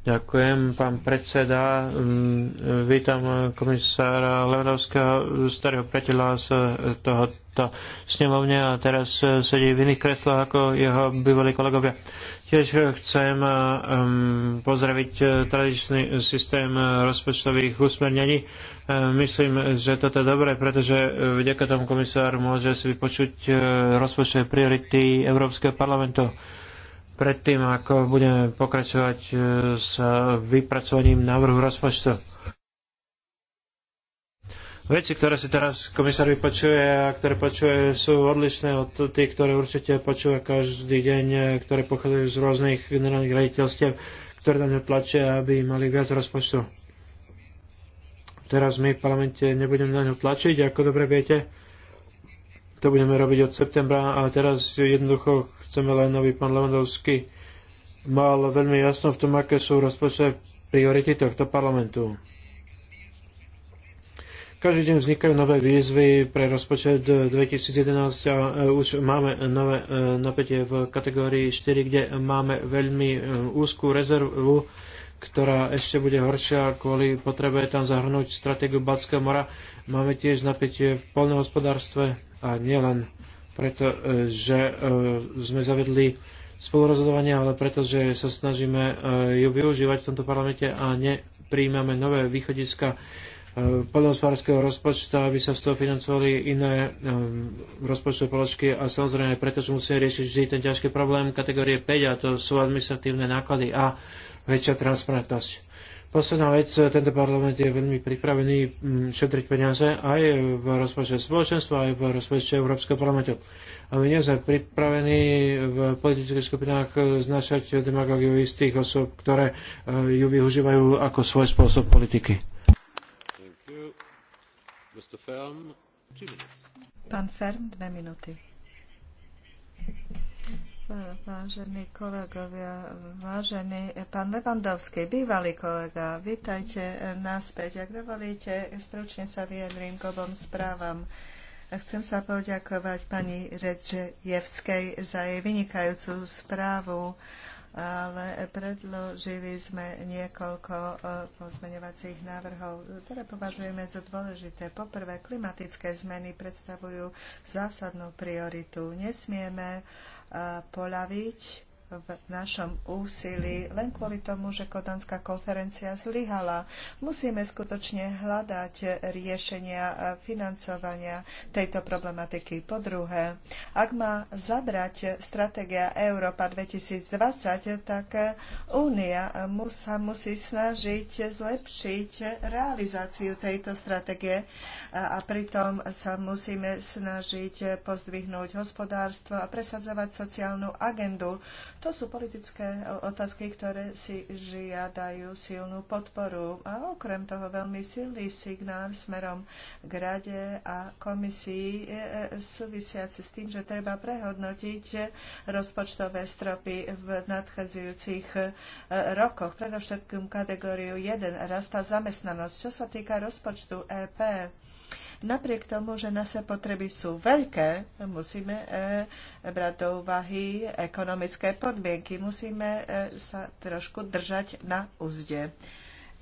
Ďakujem, pán predseda. Mm, vítam komisára Levnovského, starého priateľa z eh, tohoto snemovne a teraz eh, sedí v iných kreslách ako jeho bývalí kolegovia. Tiež chcem eh, pozdraviť eh, tradičný systém eh, rozpočtových usmernení. Myslím, že toto je dobré, pretože vďaka tomu komisár môže si vypočuť rozpočtové priority Európskeho parlamentu. Predtým, ako budeme pokračovať s vypracovaním návrhu rozpočtu. Veci, ktoré si teraz komisár vypočuje a ktoré počuje, sú odlišné od tých, ktoré určite počuje každý deň, e, ktoré pochádzajú z rôznych generálnych raditeľstiev, ktoré na ňo tlačia, aby mali viac rozpočtu. Teraz my v parlamente nebudeme na ňo tlačiť, ako dobre viete. To budeme robiť od septembra a teraz jednoducho chceme len, aby pán Levandovský mal veľmi jasno v tom, aké sú rozpočtové priority tohto parlamentu. Každý deň vznikajú nové výzvy pre rozpočet 2011 eh, a eh, už máme nové eh, napätie v kategórii 4, kde máme veľmi úzkú rezervu, ktorá ešte bude horšia kvôli potrebe tam zahrnúť stratégiu Balckého mora. Máme tiež napätie v polnohospodárstve a nielen preto, že sme zavedli spolurozhodovanie, ale preto, že sa snažíme ju využívať v tomto parlamente a nepríjmame nové východiska Eh, poľnohospodárskeho rozpočta, aby sa z toho financovali iné eh, rozpočtové položky a samozrejme preto, že musíme riešiť vždy ten ťažký problém kategórie 5 a to sú administratívne náklady a väčšia transparentnosť. Posledná vec, eh, tento parlament je veľmi pripravený mm, šetriť peniaze aj v rozpočte spoločenstva, aj v rozpočte Európskeho parlamentu. A my nie sme pripravení v politických skupinách znašať demagógiu istých osôb, ktoré ju využívajú ako svoj spôsob politiky. Vážení kolegovia, vážený pán Levandovský, bývalý kolega, vítajte naspäť. Ak dovolíte, stručne sa vyjadrím k obom správam. Chcem sa poďakovať pani Redžejevskej za jej vynikajúcu správu ale predložili sme niekoľko e, pozmeňovacích návrhov, ktoré považujeme za dôležité. Poprvé, klimatické zmeny predstavujú zásadnú prioritu. Nesmieme e, poľaviť v našom úsilí len kvôli tomu, že Kodanská konferencia zlyhala. Musíme skutočne hľadať riešenia financovania tejto problematiky. Po druhé, ak má zabrať stratégia Európa 2020, tak Únia sa musí snažiť zlepšiť realizáciu tejto stratégie a pritom sa musíme snažiť pozdvihnúť hospodárstvo a presadzovať sociálnu agendu. To sú politické otázky, ktoré si žiadajú silnú podporu a okrem toho veľmi silný signál smerom k rade a komisii e, súvisiaci s tým, že treba prehodnotiť rozpočtové stropy v nadchádzajúcich e, rokoch. Predovšetkým kategóriu 1 rastá zamestnanosť. Čo sa týka rozpočtu EP, Napriek tomu, že naše potreby sú veľké, musíme e, brať do úvahy ekonomické podmienky. Musíme e, sa trošku držať na úzde.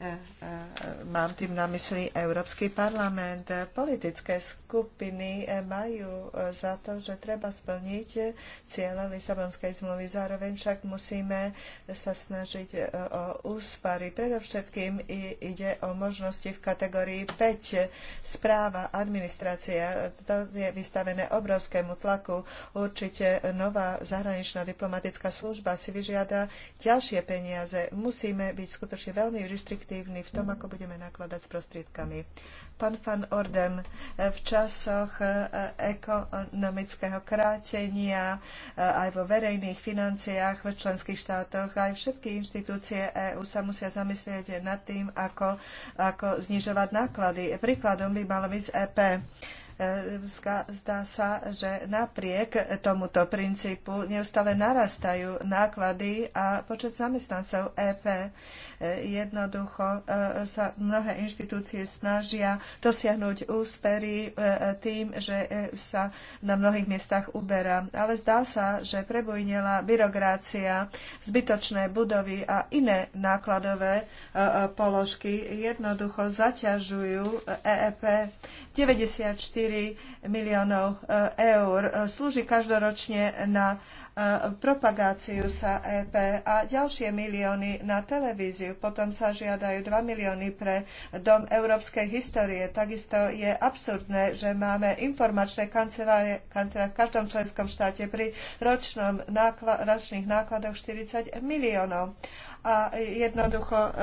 E, e, mám tým na mysli Európsky parlament. Politické skupiny e, majú za to, že treba splniť cieľa Lisabonskej zmluvy. Zároveň však musíme sa snažiť o úspary. Predovšetkým ide o možnosti v kategórii 5. Správa, administrácia. To je vystavené obrovskému tlaku. Určite nová zahraničná diplomatická služba si vyžiada ďalšie peniaze. Musíme byť skutočne veľmi restriktívni efektívni v tom, ako budeme nakladať s prostriedkami. Pán Van Orden, v časoch e, ekonomického krátenia e, aj vo verejných financiách v členských štátoch aj všetky inštitúcie EÚ sa musia zamyslieť nad tým, ako, ako znižovať náklady. Príkladom by malo byť EP. Zdá sa, že napriek tomuto princípu neustále narastajú náklady a počet zamestnancov EP. Jednoducho e, sa mnohé inštitúcie snažia dosiahnuť úspery e, tým, že e, sa na mnohých miestach uberá. Ale zdá sa, že prebujnila byrokracia, zbytočné budovy a iné nákladové položky jednoducho zaťažujú EEP 94 miliónov eh, eur. Eh, slúži každoročne na eh, propagáciu sa EP a ďalšie milióny na televíziu. Potom sa žiadajú 2 milióny pre Dom európskej histórie. Takisto je absurdné, že máme informačné kancelárie, v každom členskom štáte pri ročnom ročných nákladoch 40 miliónov a jednoducho e,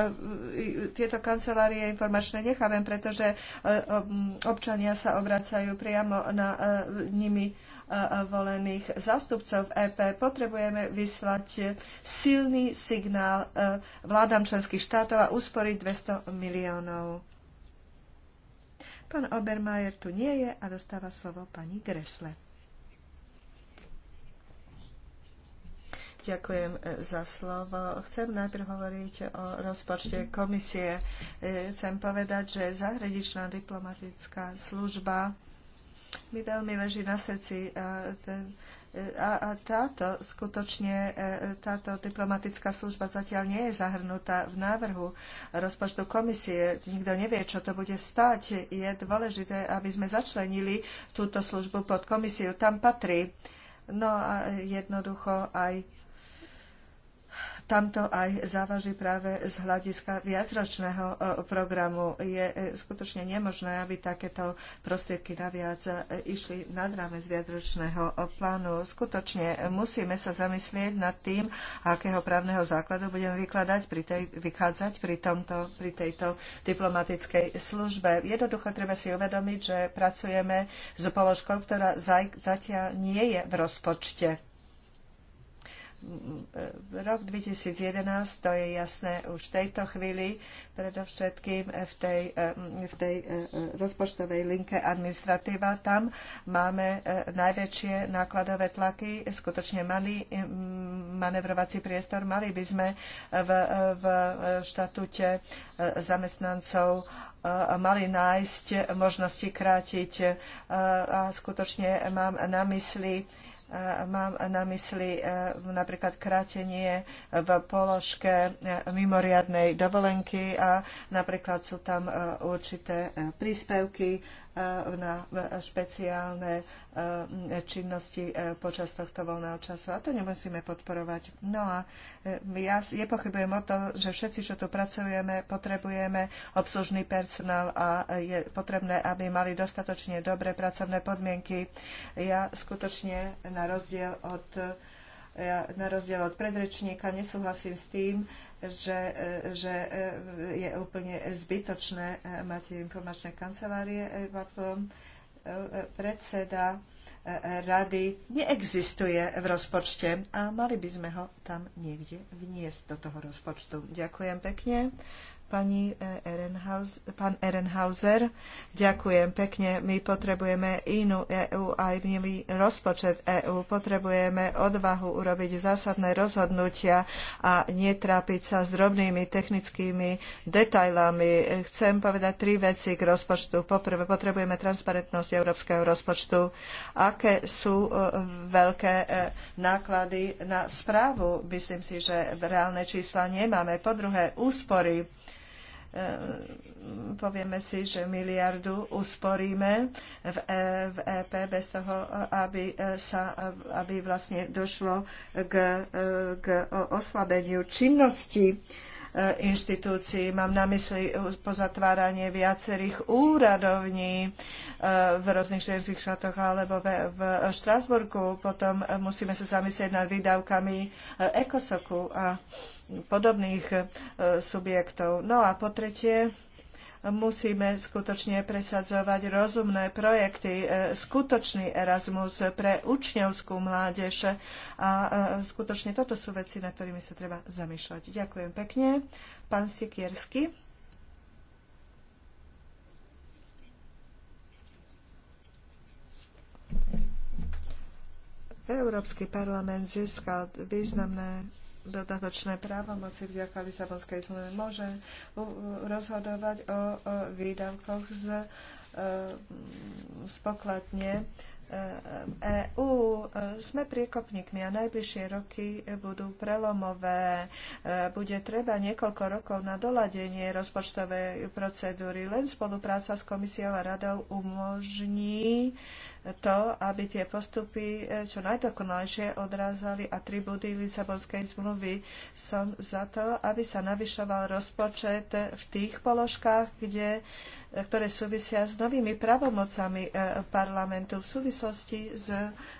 e, tieto kancelárie informačné nechávam, pretože e, občania sa obracajú priamo na nimi volených zástupcov EP potrebujeme vyslať silný signál vládam členských štátov a usporiť 200 miliónov. Pán Obermajer tu nie je a dostáva slovo pani Gresle. Ďakujem e, za slovo. Chcem najprv hovoriť o rozpočte komisie. E, chcem povedať, že zahraničná diplomatická služba mi veľmi leží na srdci. E, a, táto skutočne, táto diplomatická služba zatiaľ nie je zahrnutá v návrhu rozpočtu komisie. Nikto nevie, čo to bude stať. Je dôležité, aby sme začlenili túto službu pod komisiu. Tam patrí. No a jednoducho aj tamto aj závaží práve z hľadiska viacročného e, programu. Je e, skutočne nemožné, aby takéto prostriedky naviac e, išli nad rámec viacročného plánu. Skutočne musíme sa zamyslieť nad tým, akého právneho základu budeme vykladať pri tej, vychádzať pri, tomto, pri tejto diplomatickej službe. Jednoducho treba si uvedomiť, že pracujeme s položkou, ktorá zatiaľ nie je v rozpočte Rok 2011 to je jasné už v tejto chvíli, predovšetkým v tej, eh, v tej eh, rozpočtovej linke administratíva. Tam máme eh, najväčšie nákladové tlaky, skutočne malý mm, manevrovací priestor. Mali by sme v, v štatúte zamestnancov mali nájsť možnosti krátiť. A skutočne mám na mysli Mám na mysli e, napríklad krátenie v položke e, mimoriadnej dovolenky a napríklad sú tam e, určité príspevky Eh, na eh, špeciálne eh, činnosti počas tohto voľného času. A to nemusíme podporovať. No a ja nepochybujem o to, že všetci, čo tu pracujeme, potrebujeme obslužný personál a je potrebné, aby mali dostatočne dobré pracovné podmienky. Ja skutočne na rozdiel od ja na rozdiel od predrečníka nesúhlasím s tým, že, e, že e, je úplne zbytočné e, mať informačné kancelárie. Predseda rady neexistuje v rozpočte a mali by sme ho tam niekde vniesť do toho rozpočtu. Ďakujem pekne pani eh, pán Ehrenhauser. Ďakujem pekne. My potrebujeme inú EÚ aj nový rozpočet EÚ. Potrebujeme odvahu urobiť zásadné rozhodnutia a netrápiť sa s drobnými technickými detailami. Chcem povedať tri veci k rozpočtu. Poprvé, potrebujeme transparentnosť európskeho rozpočtu. Aké sú eh, veľké eh, náklady na správu? Myslím si, že reálne čísla nemáme. Po druhé, úspory Ehm, povieme si, že miliardu usporíme v, e, v EP bez toho, aby, e, sa, aby vlastne došlo k, e, k oslabeniu činnosti E, inštitúcií. Mám na mysli e, pozatváranie viacerých úradovní e, v rôznych členských štátoch alebo v Štrasburgu. Potom musíme sa zamyslieť nad výdavkami Ecosoku a podobných subjektov. No a po tretie, musíme skutočne presadzovať rozumné projekty, e, skutočný Erasmus pre učňovskú mládež a e, skutočne toto sú veci, nad ktorými sa treba zamýšľať. Ďakujem pekne. Pán Sikiersky. Európsky parlament získal významné dodatočné právomoci vďaka Lisabonskej zmluve môže rozhodovať o, o výdavkoch z, e, z pokladne EÚ. E Sme priekopníkmi a najbližšie roky budú prelomové. E, bude treba niekoľko rokov na doladenie rozpočtovej procedúry. Len spolupráca s komisiou a radou umožní to, aby tie postupy e, čo najdokonalejšie odrázali atribúdy Lisabonskej zmluvy. Som za to, aby sa navyšoval rozpočet v tých položkách, kde, e, ktoré súvisia s novými pravomocami e, parlamentu v súvislosti s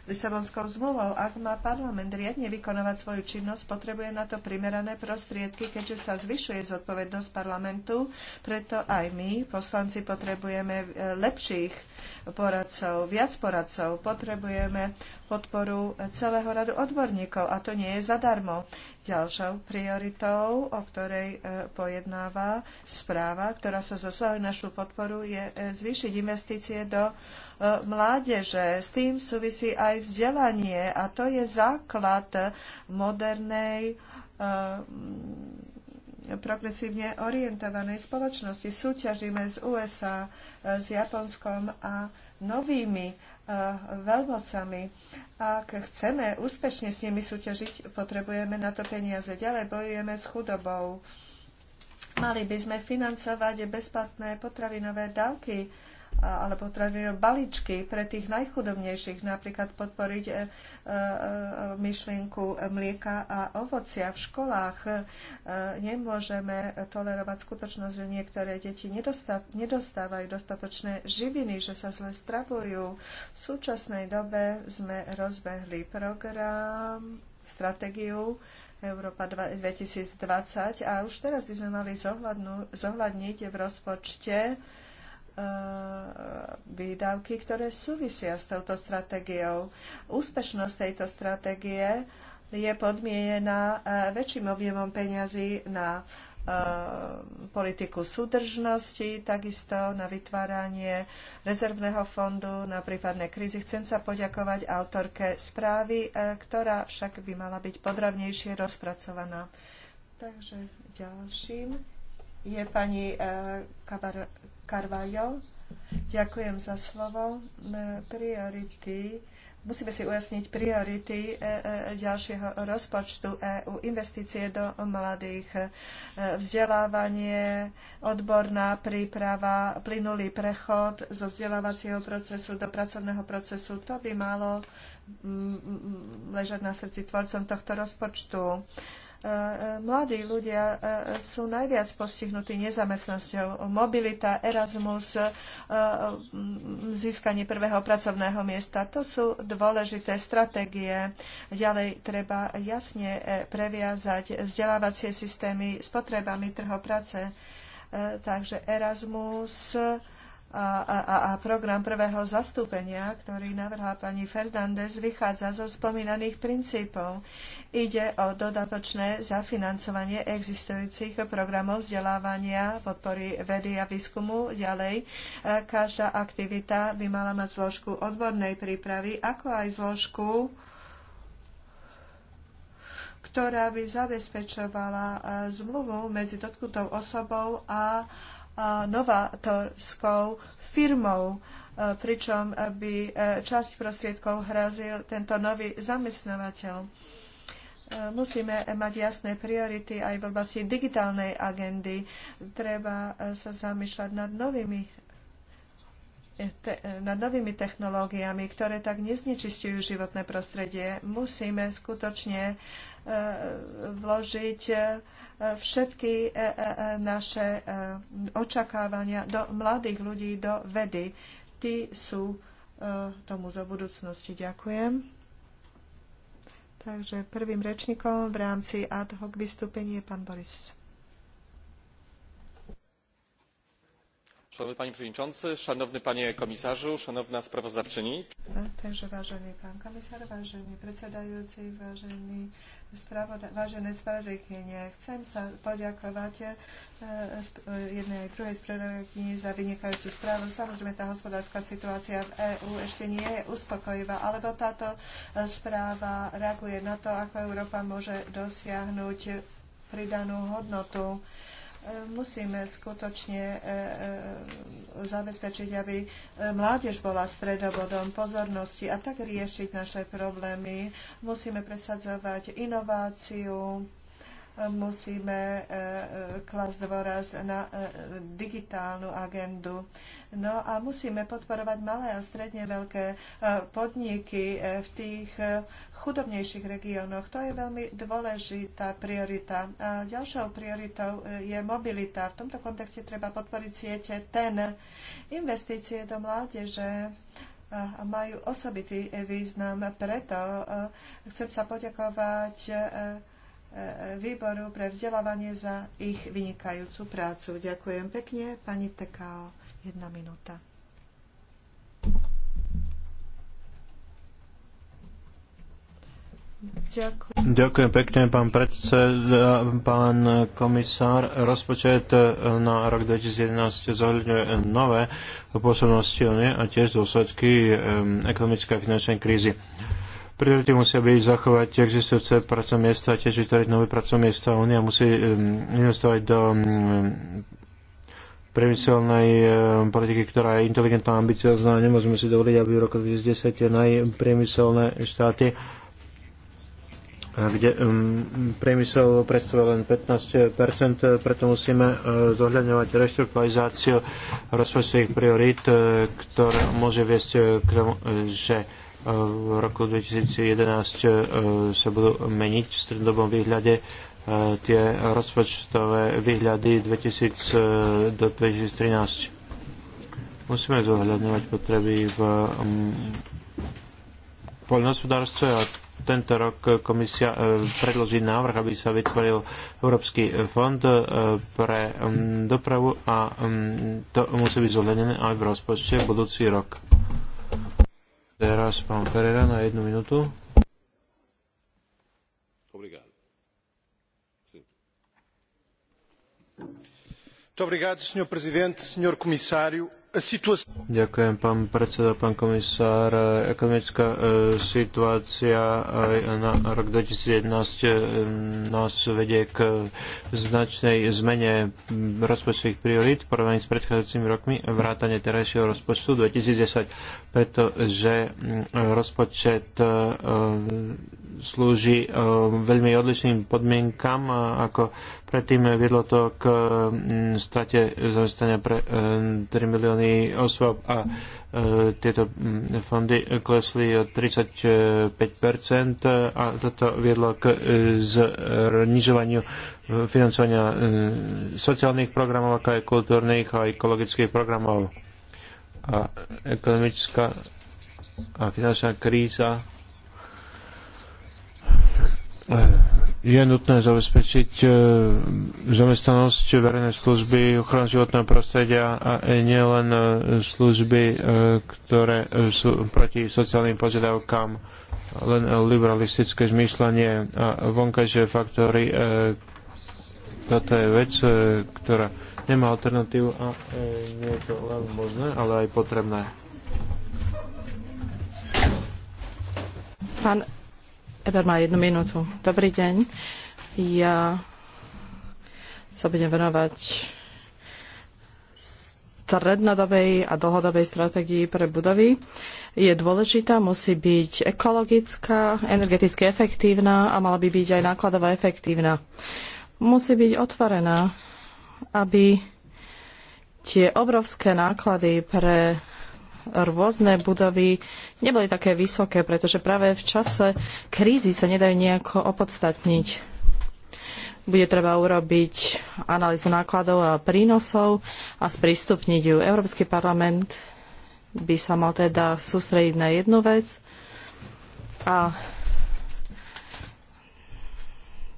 Lisabonskou zmluvou. Ak má parlament riadne vykonovať svoju činnosť, potrebuje na to primerané prostriedky, keďže sa zvyšuje zodpovednosť parlamentu, preto aj my, poslanci, potrebujeme lepších poradcov, viac poradcov. Potrebujeme podporu celého radu odborníkov a to nie je zadarmo. Ďalšou prioritou, o ktorej e, pojednáva správa, ktorá sa zosúľa našu podporu, je e, zvýšiť investície do e, mládeže. S tým súvisí aj vzdelanie a to je základ modernej progresívne orientovanej spoločnosti. Súťažíme s USA, s Japonskom a novými e, veľmocami. Ak chceme úspešne s nimi súťažiť, potrebujeme na to peniaze. Ďalej bojujeme s chudobou. Mali by sme financovať bezplatné potravinové dávky alebo potravinové balíčky pre tých najchudobnejších, napríklad podporiť e, e, e, myšlienku mlieka a ovocia v školách. Nemôžeme tolerovať skutočnosť, že niektoré deti nedostávajú dostatočné živiny, že sa zle stravujú. V súčasnej dobe sme rozbehli program, stratégiu Európa 2020 a už teraz by sme mali zohľadniť v rozpočte E, výdavky, ktoré súvisia s touto stratégiou. Úspešnosť tejto stratégie je podmienená e, väčším objemom peňazí na e, politiku súdržnosti, takisto na vytváranie rezervného fondu na prípadné krízy. Chcem sa poďakovať autorke správy, ktorá však by mala byť podrobnejšie rozpracovaná. Takže ďalším je pani Carvalho. Ďakujem za slovo. Priority. Musíme si ujasniť priority e, e, ďalšieho rozpočtu EU. Investície do mladých, e, vzdelávanie, odborná príprava, plynulý prechod zo vzdelávacieho procesu do pracovného procesu. To by malo ležať na srdci tvorcom tohto rozpočtu Mladí ľudia e, sú najviac postihnutí nezamestnosťou. Mobilita, Erasmus, e, získanie prvého pracovného miesta, to sú dôležité stratégie. Ďalej treba jasne e, previazať vzdelávacie systémy s potrebami trhu práce. Takže Erasmus, a, a, a program prvého zastúpenia, ktorý navrhla pani Fernández, vychádza zo spomínaných princípov. Ide o dodatočné zafinancovanie existujúcich programov vzdelávania, podpory vedy a výskumu. Ďalej, e, každá aktivita by mala mať zložku odbornej prípravy, ako aj zložku ktorá by zabezpečovala e, zmluvu medzi dotknutou osobou a novatorskou firmou, e, pričom by e, časť prostriedkov hrazil tento nový zamestnávateľ. E, musíme mať jasné priority aj v oblasti digitálnej agendy. Treba sa zamýšľať nad novými nad novými technológiami, ktoré tak neznečistujú životné prostredie. Musíme skutočne uh, vložiť e, všetky e, e, naše očakávania do mladých ľudí, do vedy. Tí sú tomu za budúcnosti. Ďakujem. Takže prvým rečníkom v rámci ad hoc vystúpenie je pán Boris. Szanowny panie przewodniczący, szanowny panie komisarzu, szanowna sprawozdawczyni. Takže vážený pán komisár, vážený predsedajúci, vážený spravoda- vážené spravodajkyne, chcem sa e, e, jednej i drugiej spravodajkyni za vynikajúcu sprawy. Samozrejme, ta hospodárska situácia v EU ešte nie je uspokojivá, alebo táto e, správa reaguje na to, ako Európa môže dosiahnuť pridanú hodnotu. Uh, musíme skutočne e, e, zabezpečiť, aby e, mládež bola stredobodom pozornosti a tak riešiť naše problémy. Musíme presadzovať inováciu, musíme e, e, klasť dôraz na e, digitálnu agendu. No a musíme podporovať malé a stredne veľké podniky v tých chudobnejších regiónoch. To je veľmi dôležitá priorita. A ďalšou prioritou je mobilita. V tomto kontexte treba podporiť siete TEN. Investície do mládeže majú osobitý význam. Preto chcem sa poďakovať výboru pre vzdelávanie za ich vynikajúcu prácu. Ďakujem pekne. Pani Tekao, jedna minúta. Ďakujem. Ďakujem pekne, pán predseda, pán komisár. Rozpočet na rok 2011 zohľadňuje nové pôsobnosti a tiež dôsledky ekonomické a finančnej krízy priority musia byť zachovať existujúce pracovné miesta tiež vytvoriť nové pracovné miesta. Únia musí investovať do priemyselnej politiky, ktorá je inteligentná a ambiciozná. Nemôžeme si dovoliť, aby v roku 2010 najpriemyselné štáty kde um, priemysel predstavuje len 15 preto musíme uh, zohľadňovať reštrukturalizáciu rozpočtových priorít, uh, eh, ktorá môže viesť eh, k tomu, že uh, v roku 2011 e, sa budú meniť v strednodobom výhľade e, tie rozpočtové výhľady 2000 e, do 2013. Musíme zohľadňovať potreby v poľnohospodárstve a tento rok komisia predloží návrh, aby sa vytvoril Európsky fond pre dopravu a to musí byť zohľadené aj v rozpočte budúci rok. Teraz pán Ferreira na jednu minútu. Muito obrigado, Sr. Presidente, Sr. Comissário. Ďakujem, pán predseda, pán komisár. Ekonomická e, situácia aj na rok 2011 e, nás vedie k značnej zmene rozpočtových priorít v porovnaní s predchádzajúcimi rokmi, vrátane terajšieho rozpočtu 2010, pretože mm, rozpočet e, slúži eh, veľmi odlišným podmienkam, eh, ako predtým viedlo to k mm, strate zamestnania pre 3 eh, milióny osôb a tieto mm, fondy klesli o 35% a toto viedlo k znižovaniu financovania sociálnych programov, ako aj kultúrnych a ekologických programov. A ekonomická a finančná kríza je nutné zabezpečiť e, zamestnanosť verejnej služby ochrany životného prostredia a e, nielen e, služby, ktoré sú proti sociálnym požiadavkám len liberalistické zmýšľanie a vonkajšie faktory. Toto je vec, ktorá nemá alternatívu a nie je to len možné, ale aj potrebné. Pán Eber má jednu minútu. Dobrý deň. Ja sa budem venovať strednodobej a dlhodobej stratégii pre budovy. Je dôležitá, musí byť ekologická, energeticky efektívna a mala by byť aj nákladová efektívna. Musí byť otvorená, aby tie obrovské náklady pre rôzne budovy neboli také vysoké, pretože práve v čase krízy sa nedajú nejako opodstatniť. Bude treba urobiť analýzu nákladov a prínosov a sprístupniť ju. Európsky parlament by sa mal teda sústrediť na jednu vec a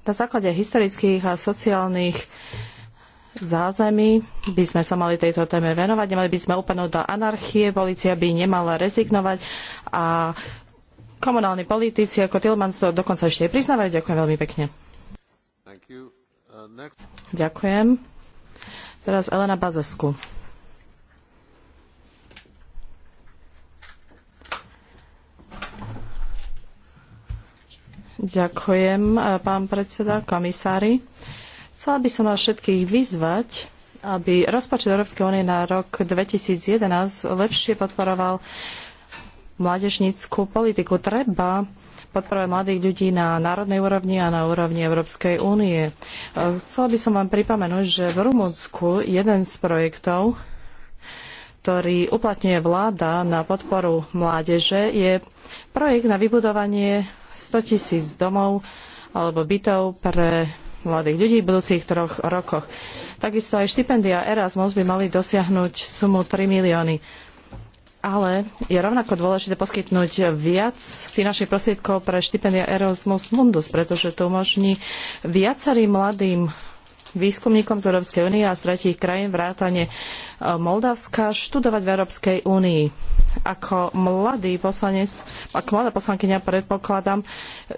na základe historických a sociálnych zázemí by sme sa mali tejto téme venovať, nemali by sme upadnúť do anarchie, policia by nemala rezignovať a komunálni politici ako Tillmans to dokonca ešte aj priznávajú. Ďakujem veľmi pekne. Uh, next... Ďakujem. Teraz Elena Bazesku. Ďakujem, pán predseda, komisári. Chcela by som vás všetkých vyzvať, aby rozpočet Európskej únie na rok 2011 lepšie podporoval mládežnickú politiku. Treba podporovať mladých ľudí na národnej úrovni a na úrovni Európskej únie. Chcela by som vám pripomenúť, že v Rumunsku jeden z projektov, ktorý uplatňuje vláda na podporu mládeže, je projekt na vybudovanie 100 tisíc domov alebo bytov pre mladých ľudí v budúcich troch rokoch. Takisto aj štipendia Erasmus by mali dosiahnuť sumu 3 milióny. Ale je rovnako dôležité poskytnúť viac finančných prostriedkov pre štipendia Erasmus Mundus, pretože to umožní viacerým mladým výskumníkom z Európskej únie a z tretích krajín vrátane e, Moldavska študovať v Európskej únii. Ako mladý poslanec, ako mladá poslankyňa predpokladám,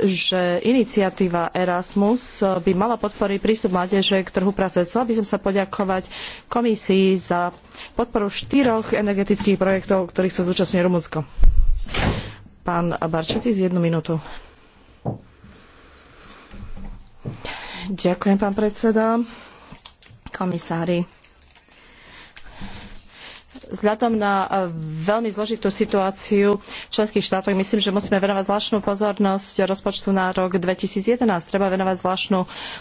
že iniciatíva Erasmus by mala podporiť prístup mládeže k trhu práce. Chcela by som sa poďakovať komisii za podporu štyroch energetických projektov, ktorých sa zúčastňuje Rumunsko. Pán Barčety jednu minútu. Ďakujem, pán predseda. Komisári, vzhľadom na eh, veľmi zložitú situáciu v členských štátoch myslím, že musíme venovať zvláštnu pozornosť rozpočtu na rok 2011. Treba venovať zvláštnu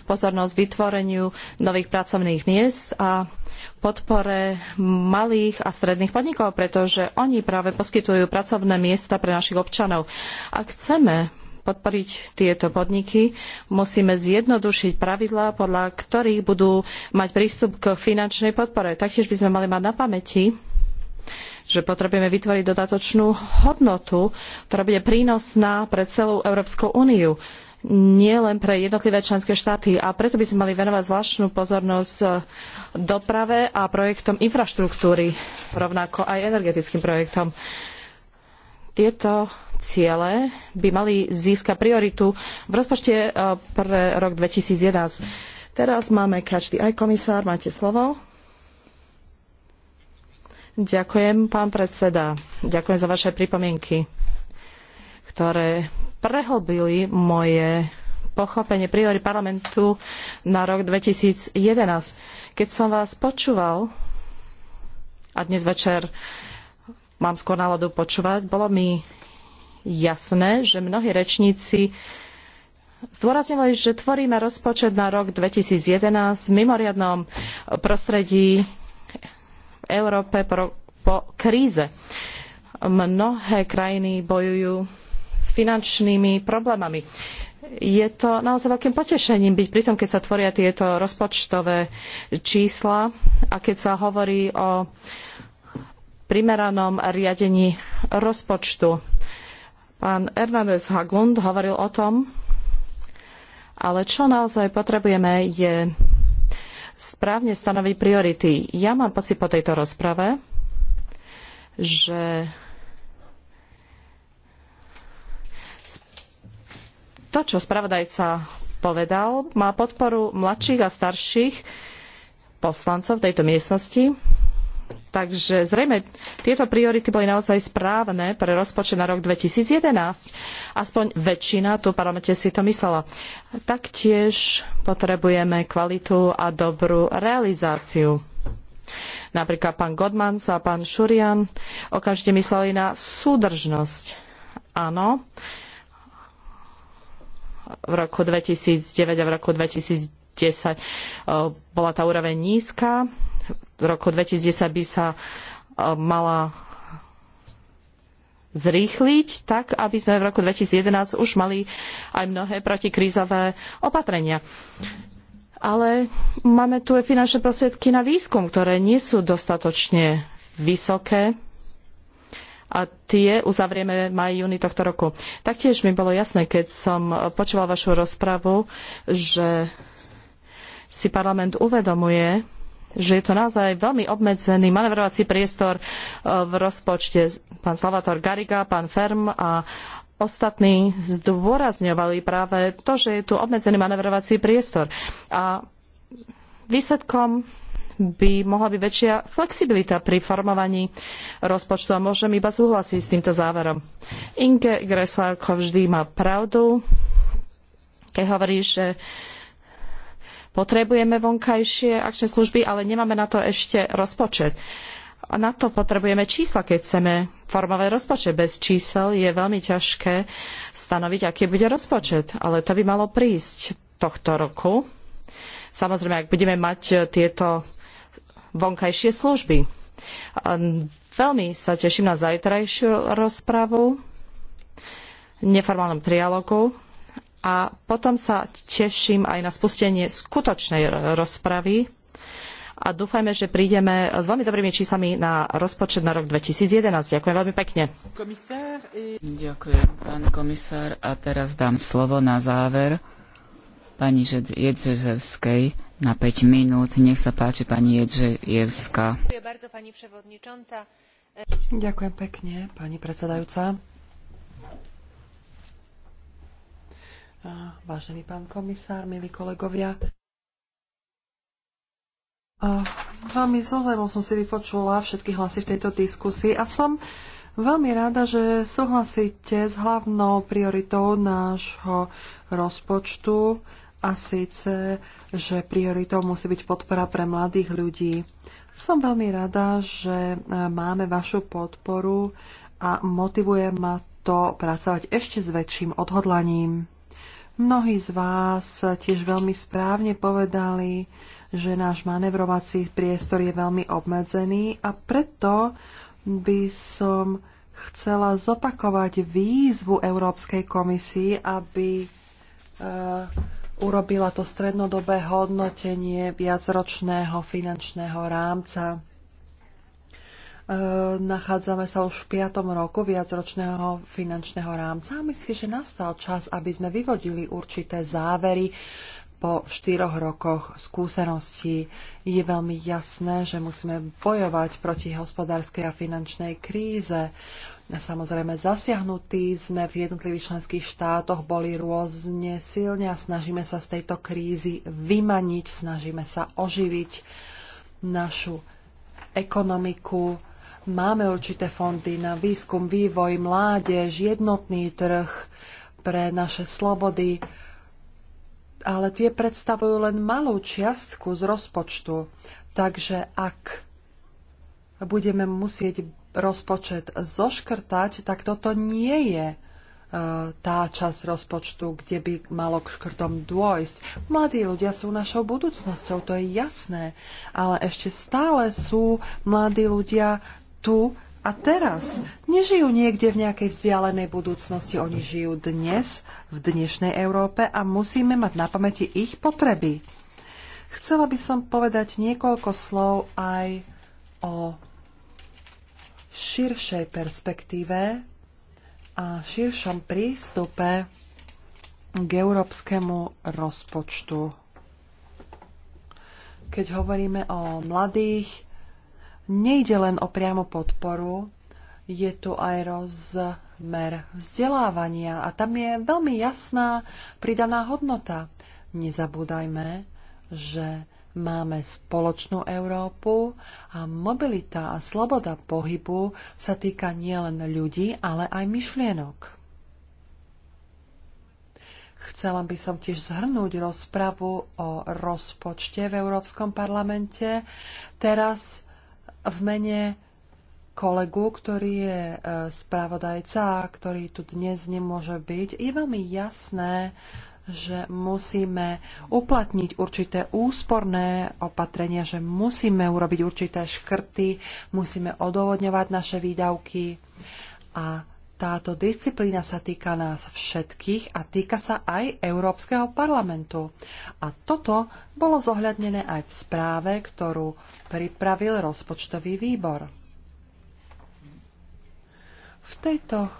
pozornosť vytvoreniu nových pracovných miest a podpore malých a stredných podnikov, pretože oni práve poskytujú pracovné miesta pre našich občanov. Ak chceme podporiť tieto podniky, musíme zjednodušiť pravidlá, podľa ktorých budú mať prístup k finančnej podpore. Taktiež by sme mali mať na pamäti, že potrebujeme vytvoriť dodatočnú hodnotu, ktorá bude prínosná pre celú Európsku úniu nielen pre jednotlivé členské štáty a preto by sme mali venovať zvláštnu pozornosť eh, doprave a projektom infraštruktúry, rovnako aj energetickým projektom. Tieto ciele by mali získať prioritu v rozpočte e, pre rok 2011. Teraz máme každý aj komisár, máte slovo. Ďakujem, pán predseda. Ďakujem za vaše pripomienky, ktoré prehlbili moje pochopenie priory parlamentu na rok 2011. Keď som vás počúval a dnes večer mám skôr náladu počúvať, bolo mi jasné, že mnohí rečníci zdôraznili, že tvoríme rozpočet na rok 2011 v mimoriadnom prostredí v Európe po, po kríze. Mnohé krajiny bojujú s finančnými problémami je to naozaj veľkým potešením byť pritom, keď sa tvoria tieto rozpočtové čísla a keď sa hovorí o primeranom riadení rozpočtu. Pán Hernández Haglund hovoril o tom, ale čo naozaj potrebujeme je správne stanoviť priority. Ja mám pocit po tejto rozprave, že to, čo spravodajca povedal, má podporu mladších a starších poslancov v tejto miestnosti Takže zrejme tieto priority boli naozaj správne pre rozpočet na rok 2011. Aspoň väčšina tu v parlamente si to myslela. Taktiež potrebujeme kvalitu a dobrú realizáciu. Napríklad pán Godmans a pán Šurian okamžite mysleli na súdržnosť. Áno, v roku 2009 a v roku 2010 eh, bola tá úroveň nízka, v roku 2010 by sa e, mala zrýchliť, tak aby sme v roku 2011 už mali aj mnohé protikrízové opatrenia. Ale máme tu aj finančné prostriedky na výskum, ktoré nie sú dostatočne vysoké a tie uzavrieme maj, júni tohto roku. Taktiež mi bolo jasné, keď som počúval vašu rozpravu, že si parlament uvedomuje, že je to naozaj veľmi obmedzený manevrovací priestor eh, v rozpočte. Pán Salvator Gariga, pán Ferm a ostatní zdôrazňovali práve to, že je tu obmedzený manevrovací priestor. A výsledkom by mohla byť väčšia flexibilita pri formovaní rozpočtu a môžem iba súhlasiť s týmto záverom. Inge Greslárko vždy má pravdu, keď hovorí, že Potrebujeme vonkajšie akčné služby, ale nemáme na to ešte rozpočet. A na to potrebujeme čísla, keď chceme formovať rozpočet. Bez čísel je veľmi ťažké stanoviť, aký bude rozpočet. Ale to by malo prísť tohto roku. Samozrejme, ak budeme mať tieto vonkajšie služby. Veľmi sa teším na zajtrajšiu rozpravu v neformálnom trialogu a potom sa teším aj na spustenie skutočnej rozpravy a dúfajme, že prídeme s veľmi dobrými číslami na rozpočet na rok 2011. Ďakujem veľmi pekne. Ďakujem, pán komisár. A teraz dám slovo na záver pani Jedřeževskej na 5 minút. Nech sa páči, pani Jedřejevská. Ďakujem pekne, pani predsedajúca. vážený pán komisár, milí kolegovia. Veľmi so som si vypočula všetky hlasy v tejto diskusii a som veľmi rada, že súhlasíte s hlavnou prioritou nášho rozpočtu a síce, že prioritou musí byť podpora pre mladých ľudí. Som veľmi rada, že e, máme vašu podporu a motivuje ma to pracovať ešte s väčším odhodlaním. Mnohí z vás tiež veľmi správne povedali, že náš manevrovací priestor je veľmi obmedzený a preto by som chcela zopakovať výzvu Európskej komisii, aby e, urobila to strednodobé hodnotenie viacročného finančného rámca Eh, nachádzame sa už v piatom roku viacročného finančného rámca a myslím, že nastal čas, aby sme vyvodili určité závery po štyroch rokoch skúseností. Je veľmi jasné, že musíme bojovať proti hospodárskej a finančnej kríze. Samozrejme, zasiahnutí sme v jednotlivých členských štátoch boli rôzne silne a snažíme sa z tejto krízy vymaniť, snažíme sa oživiť našu ekonomiku, Máme určité fondy na výskum, vývoj, mládež, jednotný trh pre naše slobody, ale tie predstavujú len malú čiastku z rozpočtu. Takže ak budeme musieť rozpočet zoškrtať, tak toto nie je e, tá časť rozpočtu, kde by malo k škrtom dôjsť. Mladí ľudia sú našou budúcnosťou, to je jasné, ale ešte stále sú mladí ľudia tu a teraz. Nežijú niekde v nejakej vzdialenej budúcnosti, oni žijú dnes, v dnešnej Európe a musíme mať na pamäti ich potreby. Chcela by som povedať niekoľko slov aj o širšej perspektíve a širšom prístupe k európskemu rozpočtu. Keď hovoríme o mladých, Nejde len o priamo podporu, je tu aj rozmer vzdelávania a tam je veľmi jasná pridaná hodnota. Nezabúdajme, že máme spoločnú Európu a mobilita a sloboda pohybu sa týka nielen ľudí, ale aj myšlienok. Chcela by som tiež zhrnúť rozpravu o rozpočte v Európskom parlamente. Teraz v mene kolegu, ktorý je e, spravodajca ktorý tu dnes nemôže byť, je veľmi jasné, že musíme uplatniť určité úsporné opatrenia, že musíme urobiť určité škrty, musíme odôvodňovať naše výdavky a táto disciplína sa týka nás všetkých a týka sa aj Európskeho parlamentu. A toto bolo zohľadnené aj v správe, ktorú pripravil rozpočtový výbor. V tejto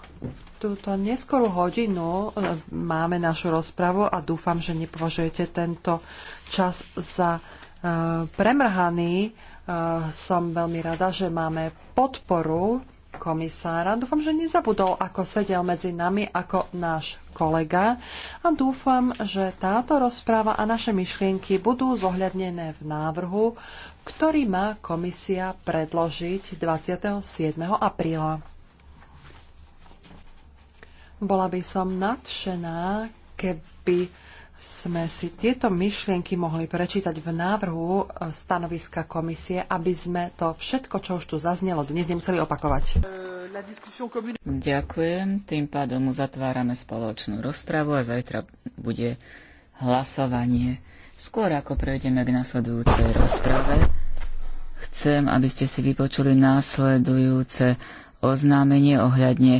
túto neskorú hodinu eh, máme našu rozpravu a dúfam, že nepovažujete tento čas za eh, premrhaný. Eh, som veľmi rada, že máme podporu komisára. Dúfam, že nezabudol, ako sedel medzi nami ako náš kolega a dúfam, že táto rozpráva a naše myšlienky budú zohľadnené v návrhu, ktorý má komisia predložiť 27. apríla. Bola by som nadšená, keby sme si tieto myšlienky mohli prečítať v návrhu e, stanoviska komisie, aby sme to všetko, čo už tu zaznelo, dnes nemuseli opakovať. Ďakujem. Tým pádom uzatvárame spoločnú rozpravu a zajtra bude hlasovanie. Skôr ako prejdeme k nasledujúcej rozprave, chcem, aby ste si vypočuli následujúce oznámenie ohľadne